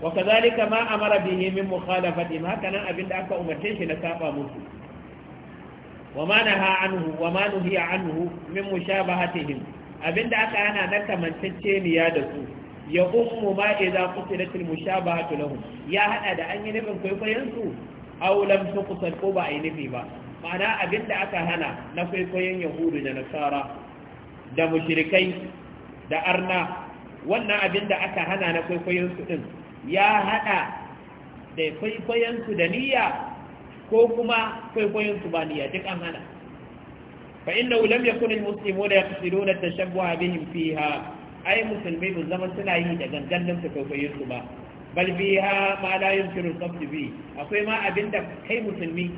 wa kadhalika ma amara bihi min mukhalafati ma kana abinda aka umarce shi na saba musu wa ma naha anhu wa ma nuhiya anhu min mushabahatihim abinda aka yana na kamantacce ne ya da su ya ummu ma idza qutilatil mushabahatu lahum ya hada da an yi nufin kwaikwayon su aw lam kusan ko ba yi nufi ba ma'ana abinda aka hana na kwaikwayon yahudu da nasara da mushrikai da arna wannan abinda aka hana na kwaikwayon su din ya hada da kwaikwayon su da niyya ko kuma kwaikwayon su ba niyya duk an hana fa inna lam yakun al muslimuna yaqsiduna at tashabbuha bihim fiha ai musulmai ba zama suna yi da gangan su kwaikwayon su ba bal biha ma la yumkinu al bi akwai ma abinda kai musulmi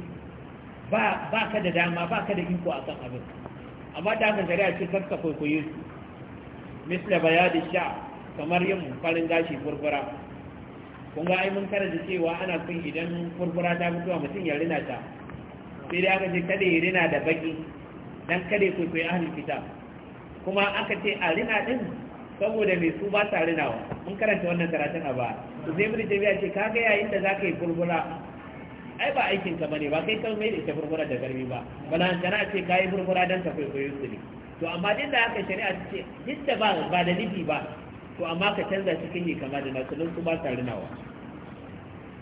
ba ba ka da dama ba ka da iko akan abin amma da ka shari'a ce karka kwaikwaye su misla bayadi sha kamar yin farin gashi furfura kun ga ai mun karanta cewa ana son idan furfura ta fito mutum ya rina ta sai dai aka ce kada ya rina da baki dan kada ya kwaikwayi ahlul kitab kuma aka ce a rina din saboda mai su ba sa rinawa mun karanta wannan karatun a ba Su zai mun jami'a ce kaga yayin da za ka yi furfura ai ba aikin ka bane ba kai kan mai da ita furfura da garbi ba bala kana ce yi furfura don ka kwaikwayo su ne to amma din da haka shari'a ta ce duk da ba da nufi ba to amma ka canza cikin yi kama da nasu don su ba sa rinawa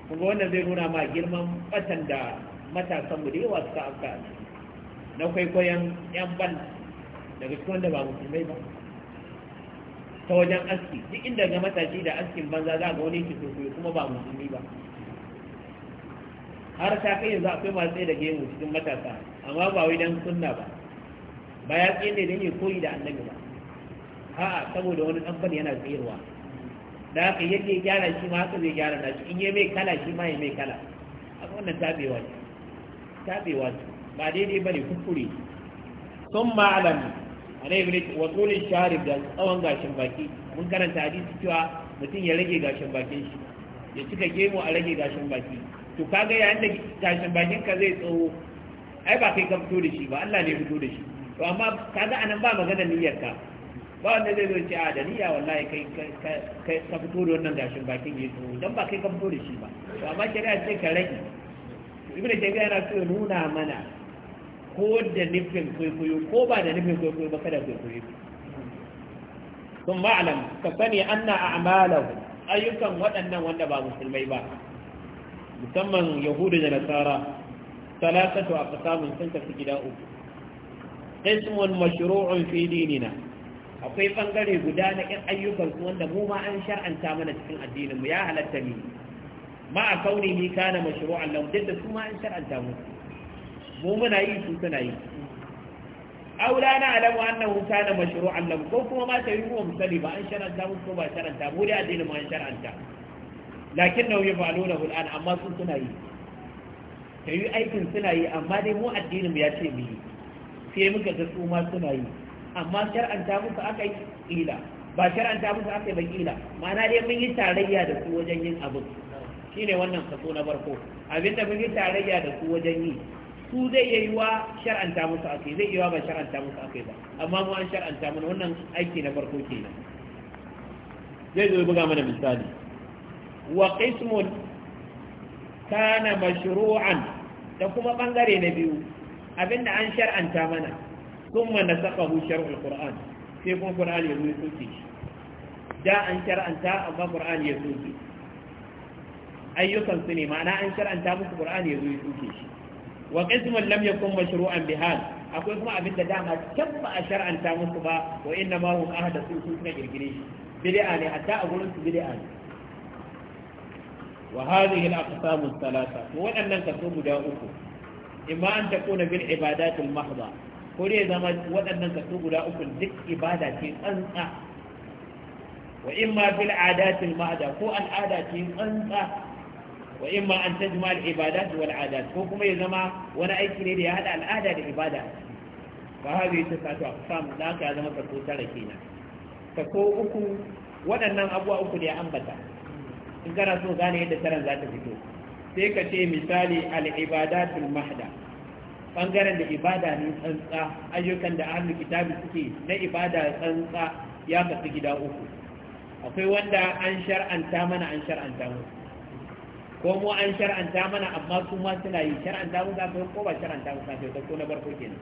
kuma wannan zai nuna ma girman batan da matasan mu da yawa suka amsa na kwaikwayon yan ban daga cikin wanda ba musulmai ba ta wajen aski duk inda ga matashi da askin banza za ga wani kitin kuma ba musulmi ba har ta kai yanzu akwai masu tsaye da gemu cikin matasa amma ba wai dan sunna ba ba ya tsaye ne dan ya koyi da annabi ba a'a saboda wani dan yana tsayarwa da haka yadda ya gyara shi ma haka zai gyara nashi in ya mai kala shi ma ya mai kala haka wannan tabewa ce tabewa ce ba daidai ba ne kuskure sun ma'alami ana ibn wa tulin sharif da tsawon gashin baki mun karanta hadisi cewa mutum ya rage gashin bakin shi ya cika gemu a rage gashin baki to kaga yayin da gashin bakin ka zai tsawo ai ba kai ka fito da shi ba Allah ne fito da shi to amma kaga anan ba magana niyyar ka ba wanda zai zo ce a ah, da niyya wallahi kai kai ka fito da wannan gashin bakin ya tsawo dan ba kai ka fito da shi ba to amma shari'a ce ka rage ibn tabiya yana so nuna mana ko da nufin kwaikwayo ko ba da nufin kwaikwayo ba kada kwaikwayo sun ma'alam ka sani anna a amalahu ayyukan waɗannan wanda ba musulmai ba musamman yahudu da nasara talatatu a kasamun sun tafi gida uku ismun mashru'un fi dinina akwai bangare guda na ƴan ayyukan su wanda mu ma an shar'anta mana cikin addinin mu ya halatta ni ma a kauni ni kana mashru'an lahu duk da su ma an shar'anta musu mu muna yi su suna yi aula na alamu annahu na mashiru lahu ko kuma ma ta yi kuma misali ba an sharanta mu ko ba sharanta mu da addini mu an sharanta lakin nawi fa'alunahu al'an amma su suna yi ta yi aikin suna yi amma dai mu addinin mu ya ce mu yi sai muka ga su ma suna yi amma shar'anta musu aka yi kila ba shar'anta musu aka yi ba kila ma'ana dai mun yi tarayya da su wajen yin abu shine wannan kaso na farko abinda mun yi tarayya da su wajen yi su zai yi wa shar'anta musu akai zai yi wa ba shar'anta musu akai ba amma mu an shar'anta mana wannan aiki na farko nan. zai zo buga mana misali wa qismun kana mashru'an da kuma bangare na biyu abinda an shar'anta mana saka hu shar'ul qur'an sai kuma qur'an ya zo ce da an shar'anta amma qur'an ya soke ayyukan su ne ma'ana an shar'anta musu qur'an ya zo ce shi wa qismun lam yakun mashru'an bihal akwai kuma abin da dama can ba a shar'anta musu ba wa inna ma hum ahdathu sun suka girgire shi bid'a ne hatta a gurin su bid'a ne wa hadhihi al-aqsam ath-thalatha to waɗannan kaso guda uku imma an takuna bil ibadat al-mahdha ko dai zama wadannan kaso guda uku duk ibada ce tsantsa wa imma fil adat al-mahda ko al'ada ce tsantsa wa in ma an tajma al ibadat wal adat ko kuma ya zama wani aiki ne da ya hada al'ada da ibada fa hadi ta sa ta da ka zama ka ko tare kenan ka ko uku waɗannan abuwa uku da ya ambata in kana so gane yadda taran za ta fito sai ka ce misali al ibadatul mahda bangaren da ibada ne tsantsa ayyukan da ahlul kitabi suke na ibada tsantsa ya kasu gida uku akwai wanda an shar'anta mana an shar'anta mu. ko mu an shar'anta mana amma su ma suna yi shar'anta mu zafi ko ba shar'anta mu zafi ko na barko kenan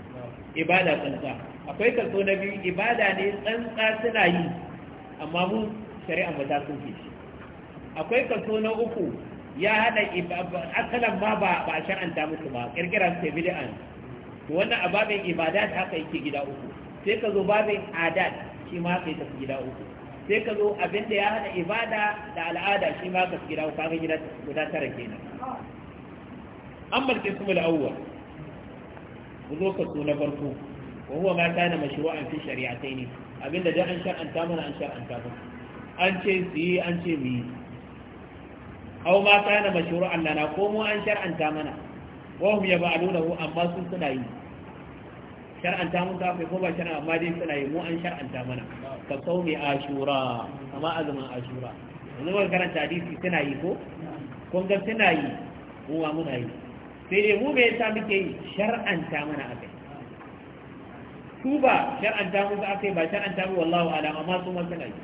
ibada tsantsa akwai kaso na biyu ibada ne tsantsa suna yi amma mu shari'a mu ta soke shi akwai kaso na uku ya hada asalan ma ba ba shar'anta musu ba kirkira su bid'an to wannan ibada ta haka yake gida uku sai ka zo babin adat shi ma sai yake gida uku sai ka zo abin da ya hada ibada da al'ada shi ma ka gida ka ga gida guda tara kenan amma ke kuma al'awwal ku zo ka na farko wa huwa ma kana mashru'an fi shari'atayn abinda da an shar'anta mana an shar'anta mana an ce su yi an ce mu yi aw ma kana mashru'an lana ko mu an shar'anta mana wa hum yab'alunahu amma sun suna yi shar'anta mun ta kai ko ba shar'a amma dai suna yi mu an shar'anta mana ka saumi ashura amma azumin ashura yanzu ba karanta hadisi suna yi ko kun ga suna yi mu ma muna yi sai dai mu bai yasa muke yi shar'anta mana akai su ba shar'anta mu ba kai ba shar'anta mu wallahu alam amma su ma suna yi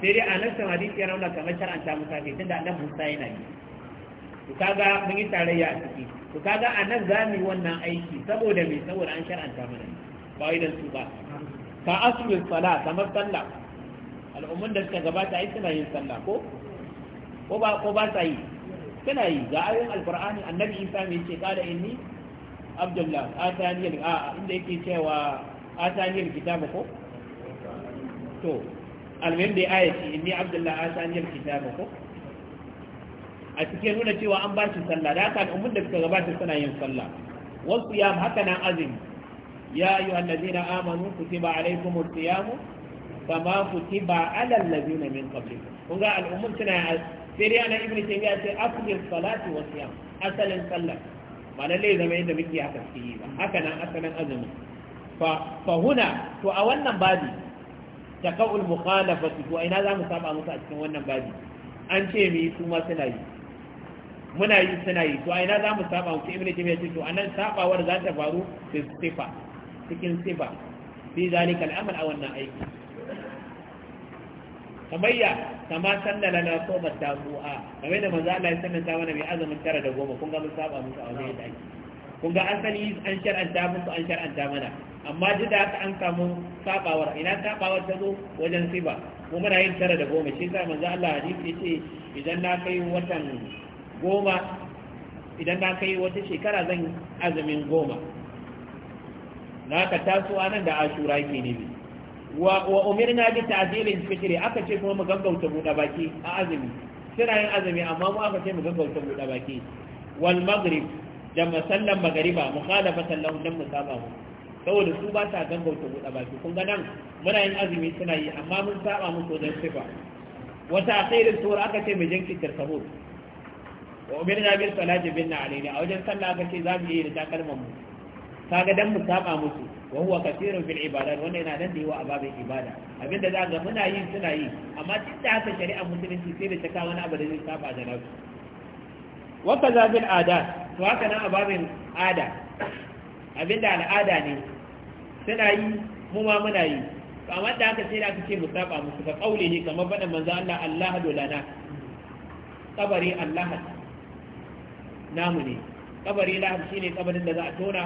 sai dai a nan hadisi ya rauna kamar shar'anta mu ta kai tunda annabi Musa yana yi ga mun yi tarayya a ciki to kaga a nan za mu wannan aiki saboda me saboda an shar'anta mana ba wai dan su ba ka asulul sala kamar sallah al'umman da suka gabata ai suna yin sallah ko ko ba ko ba sa yi suna yi ga ayoyin alqur'ani annabi isa mai ce kala inni abdullah atani a inda yake cewa atani alkitaba ko to almin da ayati inni abdullah atani alkitaba ko a cikin nuna cewa an ba shi sallah da haka al'ummar da suka gabata suna yin sallah wasu ya haka nan azumi ya ayu allazina amanu ku kutiba alaikum as ku kama ba ala allazina min qablikum kun ga al'ummun suna sai dai ana ibnu taymiya sai afdal salati wa siyam asalin sallah ba lalle zama yadda muke haka su yi ba haka nan asalin azumi fa huna to a wannan babi ta taqaul mukhalafatu to ina za mu saba musu a cikin wannan babi an ce mi su ma suna yi muna yi suna yi to ina za mu saba wuce ibn ya ce to anan sabawar za ta faru fi sifa cikin sifa fi zalika al'amal a wannan aiki kamayya kama sanna lana soba tabu'a kamar da manzo Allah ya sananta mana mai azumin tara da goma kun ga mun saba musu a wajen yadda kun ga asali an shar'anta musu an shar'anta mana amma duk da haka an samu sabawar ina sabawar ta zo wajen sifa kuma muna yin tara da goma shi sa manzo Allah hadisi ce idan na kai watan goma idan na kai wata shekara zan azumin goma na ka taso anan da ashura ke bi. wa umirna bi ta'dilil fitiri, aka ce kuma mu gaggauta buɗe baki a azumi suna yin azumi amma mu aka ce mu gaggauta buɗe baki wal maghrib da masallan magariba mukhalafatan lahu dan musaba mu saboda su ba sa gaggauta buɗe baki kun ga nan muna yin azumi suna yi amma mun saba musu dan sifa wata akhirin sura aka ce mu jinkirta sahur wa umirna bil salati binna alaina a wajen sallah aka ce za mu yi da takalman mu kaga dan mu saba musu wa huwa kathirun fil ibadat wannan yana dan da yawa a babin ibada abinda za ga muna yi suna yi amma cikin da haka shari'a musulunci sai da ta kawo wani abu da zai saba da nasu wa kaza bil ada to haka nan a babin ada abinda al'ada ne suna yi mu ma muna yi amma da haka sai da aka ce mu saba musu ka kaule ne kamar faɗin manzo Allah Allah lana kabari Allah namu ne kabari lahab shine kabarin da za a tona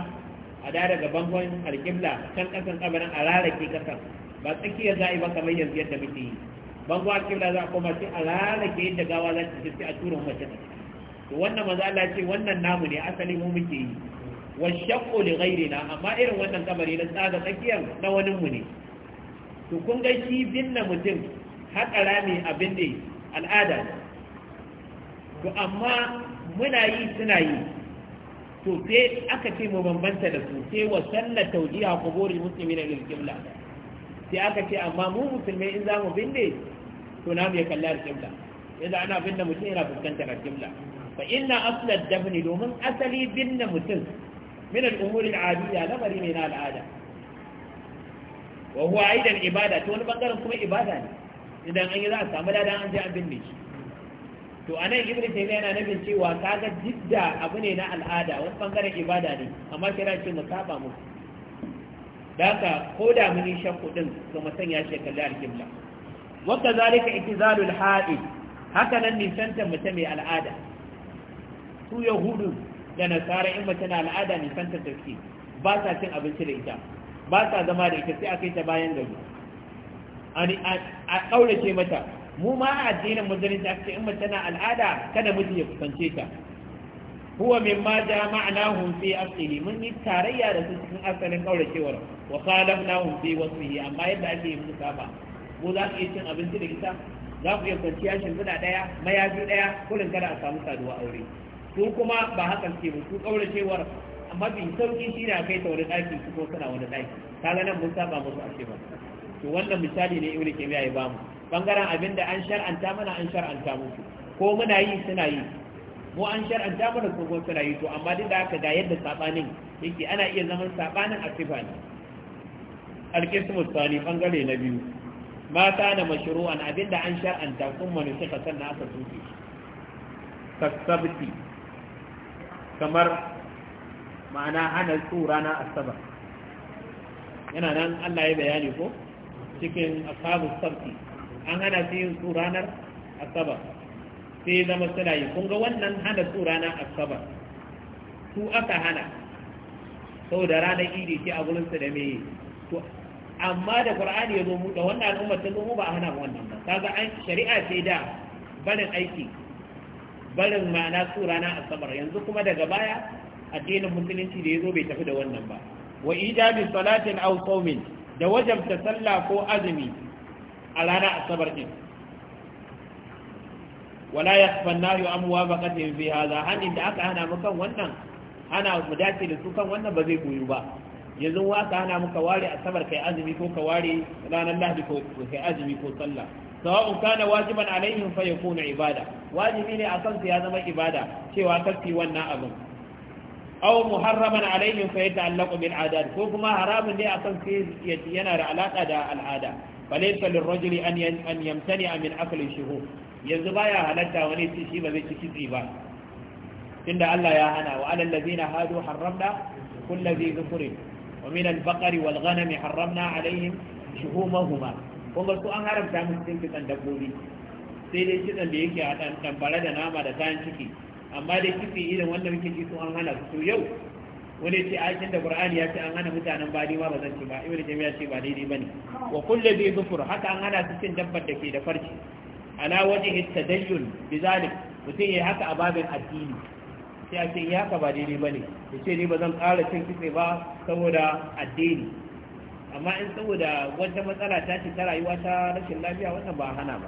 a da daga bangon alƙibla can ƙasan kabarin a rarake ƙasar ba tsakiyar za a yi ba kamar yanzu yadda muke yi bangon alƙibla za a koma sai a rarake yadda gawa za ta sai a tura mace to wannan maza Allah ce wannan namu ne asali mu muke yi wa shaqqu li ghayrina amma irin wannan kabari na tsaga tsakiyar na wani mu ne to kun ga shi binne mutum haƙa rami abin da al'ada to amma muna yi suna yi to sai aka ce mu bambanta da su sai wa sanna tawjiha quburi muslimina lil qibla sai aka ce amma mu musulmai in zamu binne to na ya kalla al qibla yadda ana binne mutum yana fuskantar al qibla fa inna asla dafni domin asali binne mutum min al umuri al adiya ne na al'ada wa huwa aidan ibada to wani bangaren kuma ibada ne idan an yi za a samu ladan an je an binne shi to a nan ibn taymiya yana nufin cewa kaga jidda abu ne na al'ada wani bangaren ibada ne amma shari'a ce mu saba musu ko da mun yi shakku din ga masan sanya shi kalli al-qibla wa kadhalika iki al haɗi. haka nan nisanta ta mai al'ada su yahudu da nasara in mace na al'ada nisanta take ba sa cin abinci da ita ba sa zama da ita sai a kai ta bayan gari a ce mata mu ma a addinin musulunci aka ce in mace na al'ada kada miji ya kusance ta huwa ma ja hun fi asli mun yi tarayya da su cikin asalin ƙauracewar wa na hun fi yi. amma yadda ake yi musu saba ko za ku iya cin abinci da ita za ku iya kwanciya shimfiɗa ɗaya mayafi ɗaya kullum kada a samu saduwa aure su kuma ba hakan ce ba su kauracewar mafi sauƙi shi ne a kai ta wani ɗaki su ko suna wani ɗaki kaga nan mun saba musu a ba to wannan misali ne ibnu kimiyya ya bamu bangaren abin da an shar'anta mana an shar'anta musu ko muna yi suna yi mu an shar'anta mana ko kuma suna yi to amma duk da haka ga yadda sabanin yake ana iya zaman sabanin a sifa ne alƙismu bangare na biyu mata da mashru'an abin da an shar'anta kun manu suka na aka tuke kasabti kamar ma'ana hana tsura na asabar yana nan Allah ya bayani ko cikin asabu sabti an hana su yin su ranar asabar sai zama suna yi kun ga wannan hana su ranar asabar su aka hana Sau da ranar idi ce a gurinsu da meye to amma da qur'ani ya zo mu da wannan al'ummar ta zo mu ba a hana mu wannan ba Ta ga an shari'a ce da barin aiki barin ma'ana su ranar asabar yanzu kuma daga baya addinin musulunci da ya zo bai tafi da wannan ba wa ijabi salatin aw sawmin da wajabta sallah ko azumi a ranar asabar ɗin. wala ya fanna yi amuwa ba kasa yin zai haza hannun da aka hana mukan wannan hana mu dace da su kan wannan ba zai koyu ba yanzu wa aka hana muka ware asabar kai azumi ko ka ware ranar lahadi ko kai azumi ko sallah sawa'un kana wajiban alaihim fa yakuna ibada wajibi ne akan su ya zama ibada cewa kafi wannan abin aw muharraman alaihim fa yata'allaqu bil adad ko kuma haramun ne a akan su yana da alaka da al'ada falaysa lirrajuli an ne a min akli shuhur yanzu baya halatta wani ci shi ba zai ci kitse ba tunda Allah ya hana wa alal ladina hadu harramna kullu dhi dhukrin wa min al-baqari wal ghanami harramna alaihim shuhumahuma kuma su an haramta musu cin kitsan dabbobi sai dai kitsan da yake a da nama da kayan ciki amma dai kitse irin wanda muke ci su an hana su yau wani ce aikin da qur'ani ya ce an hana mutanen ba ma ba zan ci ba ibnu ya ce ba daidai bane wa kullu bi zufur haka an hana su cin dabbar da ke da farci ala wajhi tadayyun bizalik mutum yi haka a babin addini sai a ce ya ka ba daidai bane ya ce ni ba zan ƙara cin kitse ba saboda addini amma in saboda wata matsala ta ci ta rayuwa ta rashin lafiya wannan ba hana ba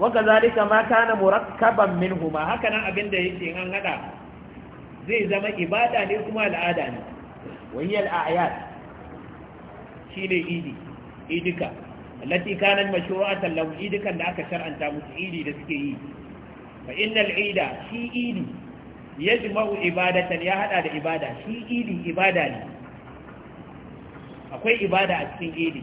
wa kazalika ma kana murakkaban minhu ma haka nan abin da yake an hada zai zama ibada ne kuma al'ada ne wayyal ayat shi ne idi idika allati kanan mashru'atan lahu idikan da aka shar'anta musu idi da suke yi fa innal ida shi idi yajma'u ibadatan ya hada da ibada shi idi ibada ne akwai ibada a cikin idi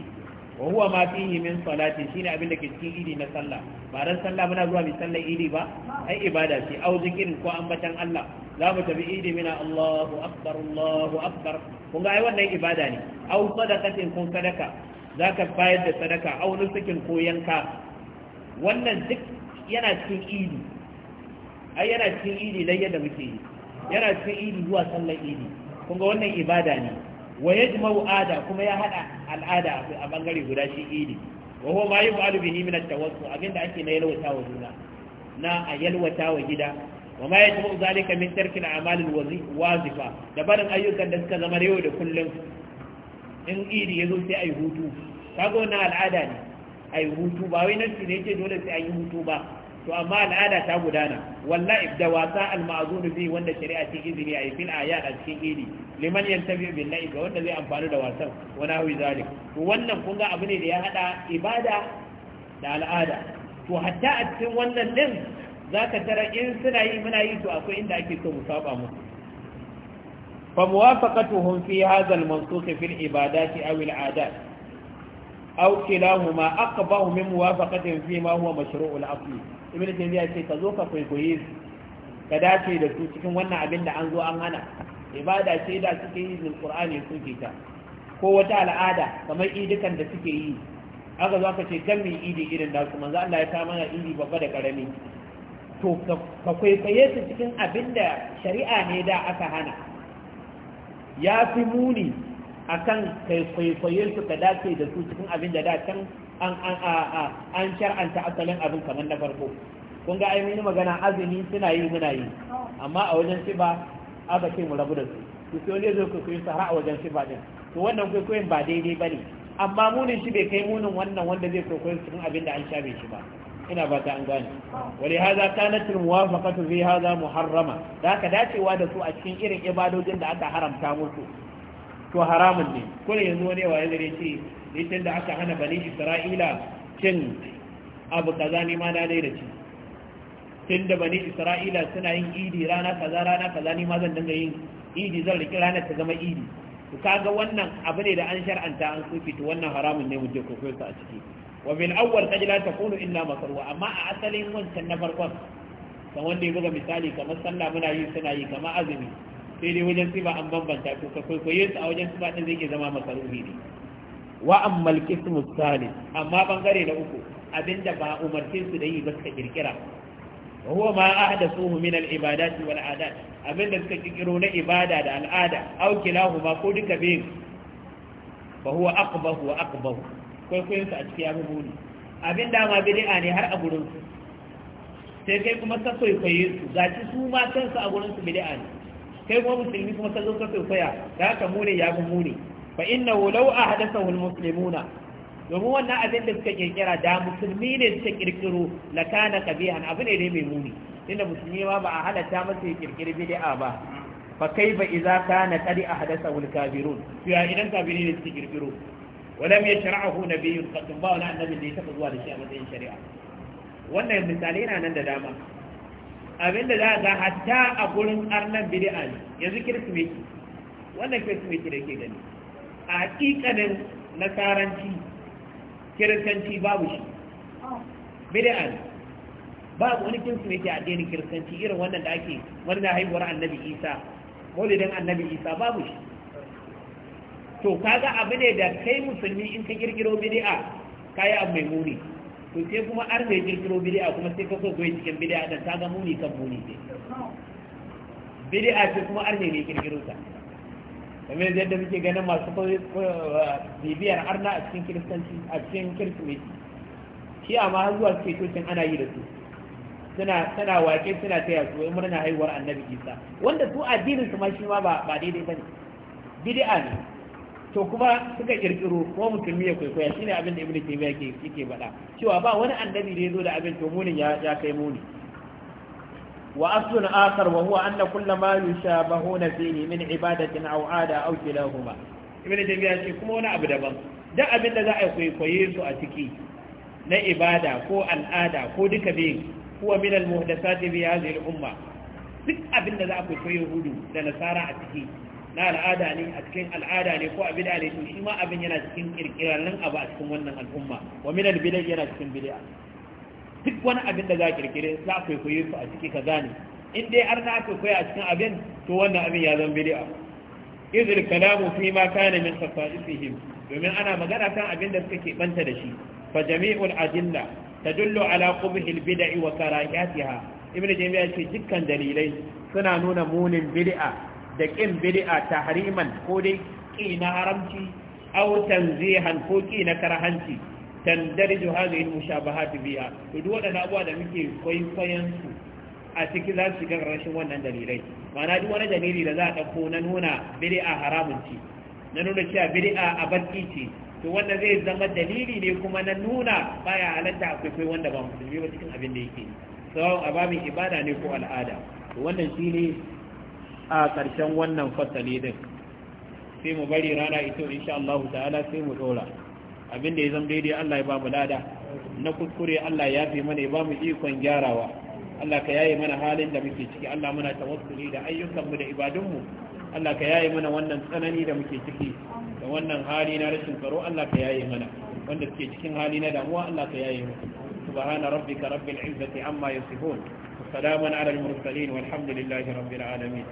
wa huwa ma fihi min salati shine abin da ke cikin idi na sallah ba ran sallah muna zuwa mi sallar idi ba ai ibada ce au zikirin ko ambatan Allah za mu tafi idi mina Allahu akbar Allahu akbar kun ga ai wannan ibada ne au sadaqatin kun sadaka za ka bayar da sadaka au nusukin ko yanka wannan duk yana cikin idi ai yana cikin idi dan yadda muke yi yana cikin idi zuwa sallar idi kun ga wannan ibada ne wa yajma'u ada kuma ya hada al'ada a bangare guda shi idi wa huwa ma yuf'alu bihi min at-tawassu abinda ake na yalwata wa juna na a yalwata wa gida wa ma yajmu zalika min tarki al-a'mal al-wazifa da barin ayyukan da suka zama yau da kullum in idi yazo sai yi hutu kaga na al'ada ne yi hutu ba wai nan ne yake dole sai yi hutu ba to amma al'ada ta gudana walla da wasa al-ma'zun bi wanda shari'a ce izini ai fil ayat a cikin idi liman yantabi billahi ga wanda zai amfani da wasan wa hu zalik to wannan kun ga abu ne da ya hada ibada da al'ada to hatta a cikin wannan din za ka tara in suna yi muna yi to akwai inda ake so mu saba musu fa muwafaqatuhum fi hadha al-mansukh fi al-ibadati aw al-adat aw kilahuma aqbahu min muwafaqatihim fi ma huwa mashru' al-asli ibn taymiya ce ka zo ka kwaikwaye su ka dace da su cikin wannan abin da an zo an hana ibada ce da suke yi min qur'ani suke ta ko wata al'ada kamar idikan da suke yi aka zo aka ce gami idi irin su manzo Allah ya ta mana idi babba da karami to ka kwaikwaye su cikin abin da shari'a ne da aka hana ya fi muni a kan kwaikwaye su ka dace da su cikin abin da da can an shar'anta asalin abin kamar na farko kun ga ainihin magana azumi suna yi muna yi amma a wajen shiba aka ce mu rabu da su su sai wani zai kwaikwaye su har a wajen shiba din to wannan kwaikwayon ba daidai ba ne amma munin shi bai kai munin wannan wanda zai su cikin abin da an sha bai shi ba ina ba ta an gane wali haza kanat al muwafaqatu fi haza muharrama da haka dacewa da su a cikin irin ibadojin da aka haramta musu to haramun ne kuma yanzu wani waye zare ce litin da aka hana bani isra'ila cin abu kaza ne ma na dai da ci tun da bani isra'ila suna yin idi rana kaza rana kaza ni ma zan dinga yin idi zan riki ranar ta zama idi to kaga wannan abu ne da an shar'anta an sufi? to wannan haramun ne mu je ko a ciki wa bil awwal qad la takunu illa masruwa amma a asalin wancan na farkon kan wanda ya buga misali kamar sallah muna yi suna yi kamar azumi sai dai wajen siba an bambanta ko ka kwaikwaye su a wajen siba din zai ke zama masarufi ne wa ammal qismu salis amma bangare na uku abinda ba umarce su da yi ba suka kirkira وهو ما أحدثوه من العبادات والعادات أبن لك تكرون عبادة ko duka كلاهما قولك huwa aqbahu wa aqbahu Kwaikwayonsu su a ciki ya fi muni abin dama bid'a ne har a gurin su sai kai kuma ka kwaikwaye su gaci su ma kansu a gurin su bid'a ne kai kuma musulmi kuma ka zo ka kwaikwaya da haka muni ya fi muni fa innahu law ahdathahu almuslimuna domin wannan abin da suka kirkira da musulmi ne suka kirkiro la kana kabiha abu ne dai mai muni inda musulmi ma ba a halatta masa ya kirkiri bid'a ba fa kaifa idza kana qad ahdathahu alkafirun to ya idan kafiri ne suka kirkiro ولم يشرعه نبي قد باو na annabin da ya taɓa zuwa da shi a matsayin shari'a wannan misali yana nan da dama abinda za a ga hatta a gurin arnan bid'a ne yanzu kirsimeti wannan kirsimeti da ke gani a hakikanin nasaranci kiristanci babu shi bid'a ne babu wani kirsimeti a addinin kiristanci irin wannan da ake wani na haihuwar annabi isa maulidin annabi isa babu shi to kaga abu ne da kai musulmi in ka girgiro bid'a kai abu mai muni to sai kuma ar mai girgiro bid'a kuma sai ka so goyi cikin bid'a dan kaga muni kan muni ne bid'a ce kuma ar ne ne kirkiro ta kamar yadda muke ganin masu bibiyar arna a cikin kiristanci a cikin kirsimeti shi amma har zuwa suke cocin ana yi da su suna tana wake suna taya su wai murna haihuwar annabi isa wanda su addinin su ma shi ma ba daidai bane bid'a ne to kuma suka kirkiro kuma musulmi ya kwaikwaya shine abin da ibn taymiya ke yake bada cewa ba wani annabi da yazo da abin to munin ya ya kai muni wa aslun akhar wa huwa anna kullu ma yushabahuna fihi min ibadatin aw ada aw kilahuma ibn taymiya ce kuma wani abu daban duk abin da za a kwaikwaye su a ciki na ibada ko al'ada ko duka biyun huwa min al-muhdathati bi hadhihi al-umma duk abin da za a kwaikwaye hudu da nasara a ciki na al'ada ne a cikin al'ada ne ko abin da ne to shi ma abin yana cikin kirkirarren abu a cikin wannan al'umma wa min al yana cikin bid'a duk wani abin da za kirkire za ku koyi su a ciki kaza ne in dai har na ku koyi a cikin abin to wannan abin ya zama bid'a izil kalamu fi ma kana min khasa'isihim domin ana magana kan abin da suka banta da shi fa jami'ul adilla tadullu ala qubhil bid'i wa karahiyatiha ibn jami'a ce dukkan dalilai suna nuna munin bid'a da ƙin ta hariman ko dai ƙi na haramci aw tanzihan ko ƙi na karhanci tandarju hadhihi al hafi biha to duk wadannan abuwa da muke kwaikwayon su a ciki za su shiga rashin wannan dalilai ma'ana duk wani dalili da za a ɗauko na nuna biri'a haramun ci na nuna cewa a baki ce to wanda zai zama dalili ne kuma na nuna baya halatta akwai kai wanda ba musulmi ba cikin abin da yake a babin ibada ne ko al'ada to wannan ne. a ƙarshen wannan fasali din sai mu bari rana ito insha Allah ta'ala sai mu dora abinda ya zama daidai Allah ya bamu lada na kuskure Allah ya fi mana ya ba mu ikon gyarawa Allah ka yaye mana halin da muke ciki Allah muna tawassuli da ayyukanmu da ibadunmu Allah ka yaye mana wannan tsanani da muke ciki da wannan hali na rashin tsaro Allah ka yaye mana wanda suke cikin hali na damuwa Allah ka yaye mana subhana rabbika rabbil izzati amma yasifun salamun ala al mursalin walhamdulillahi rabbil alamin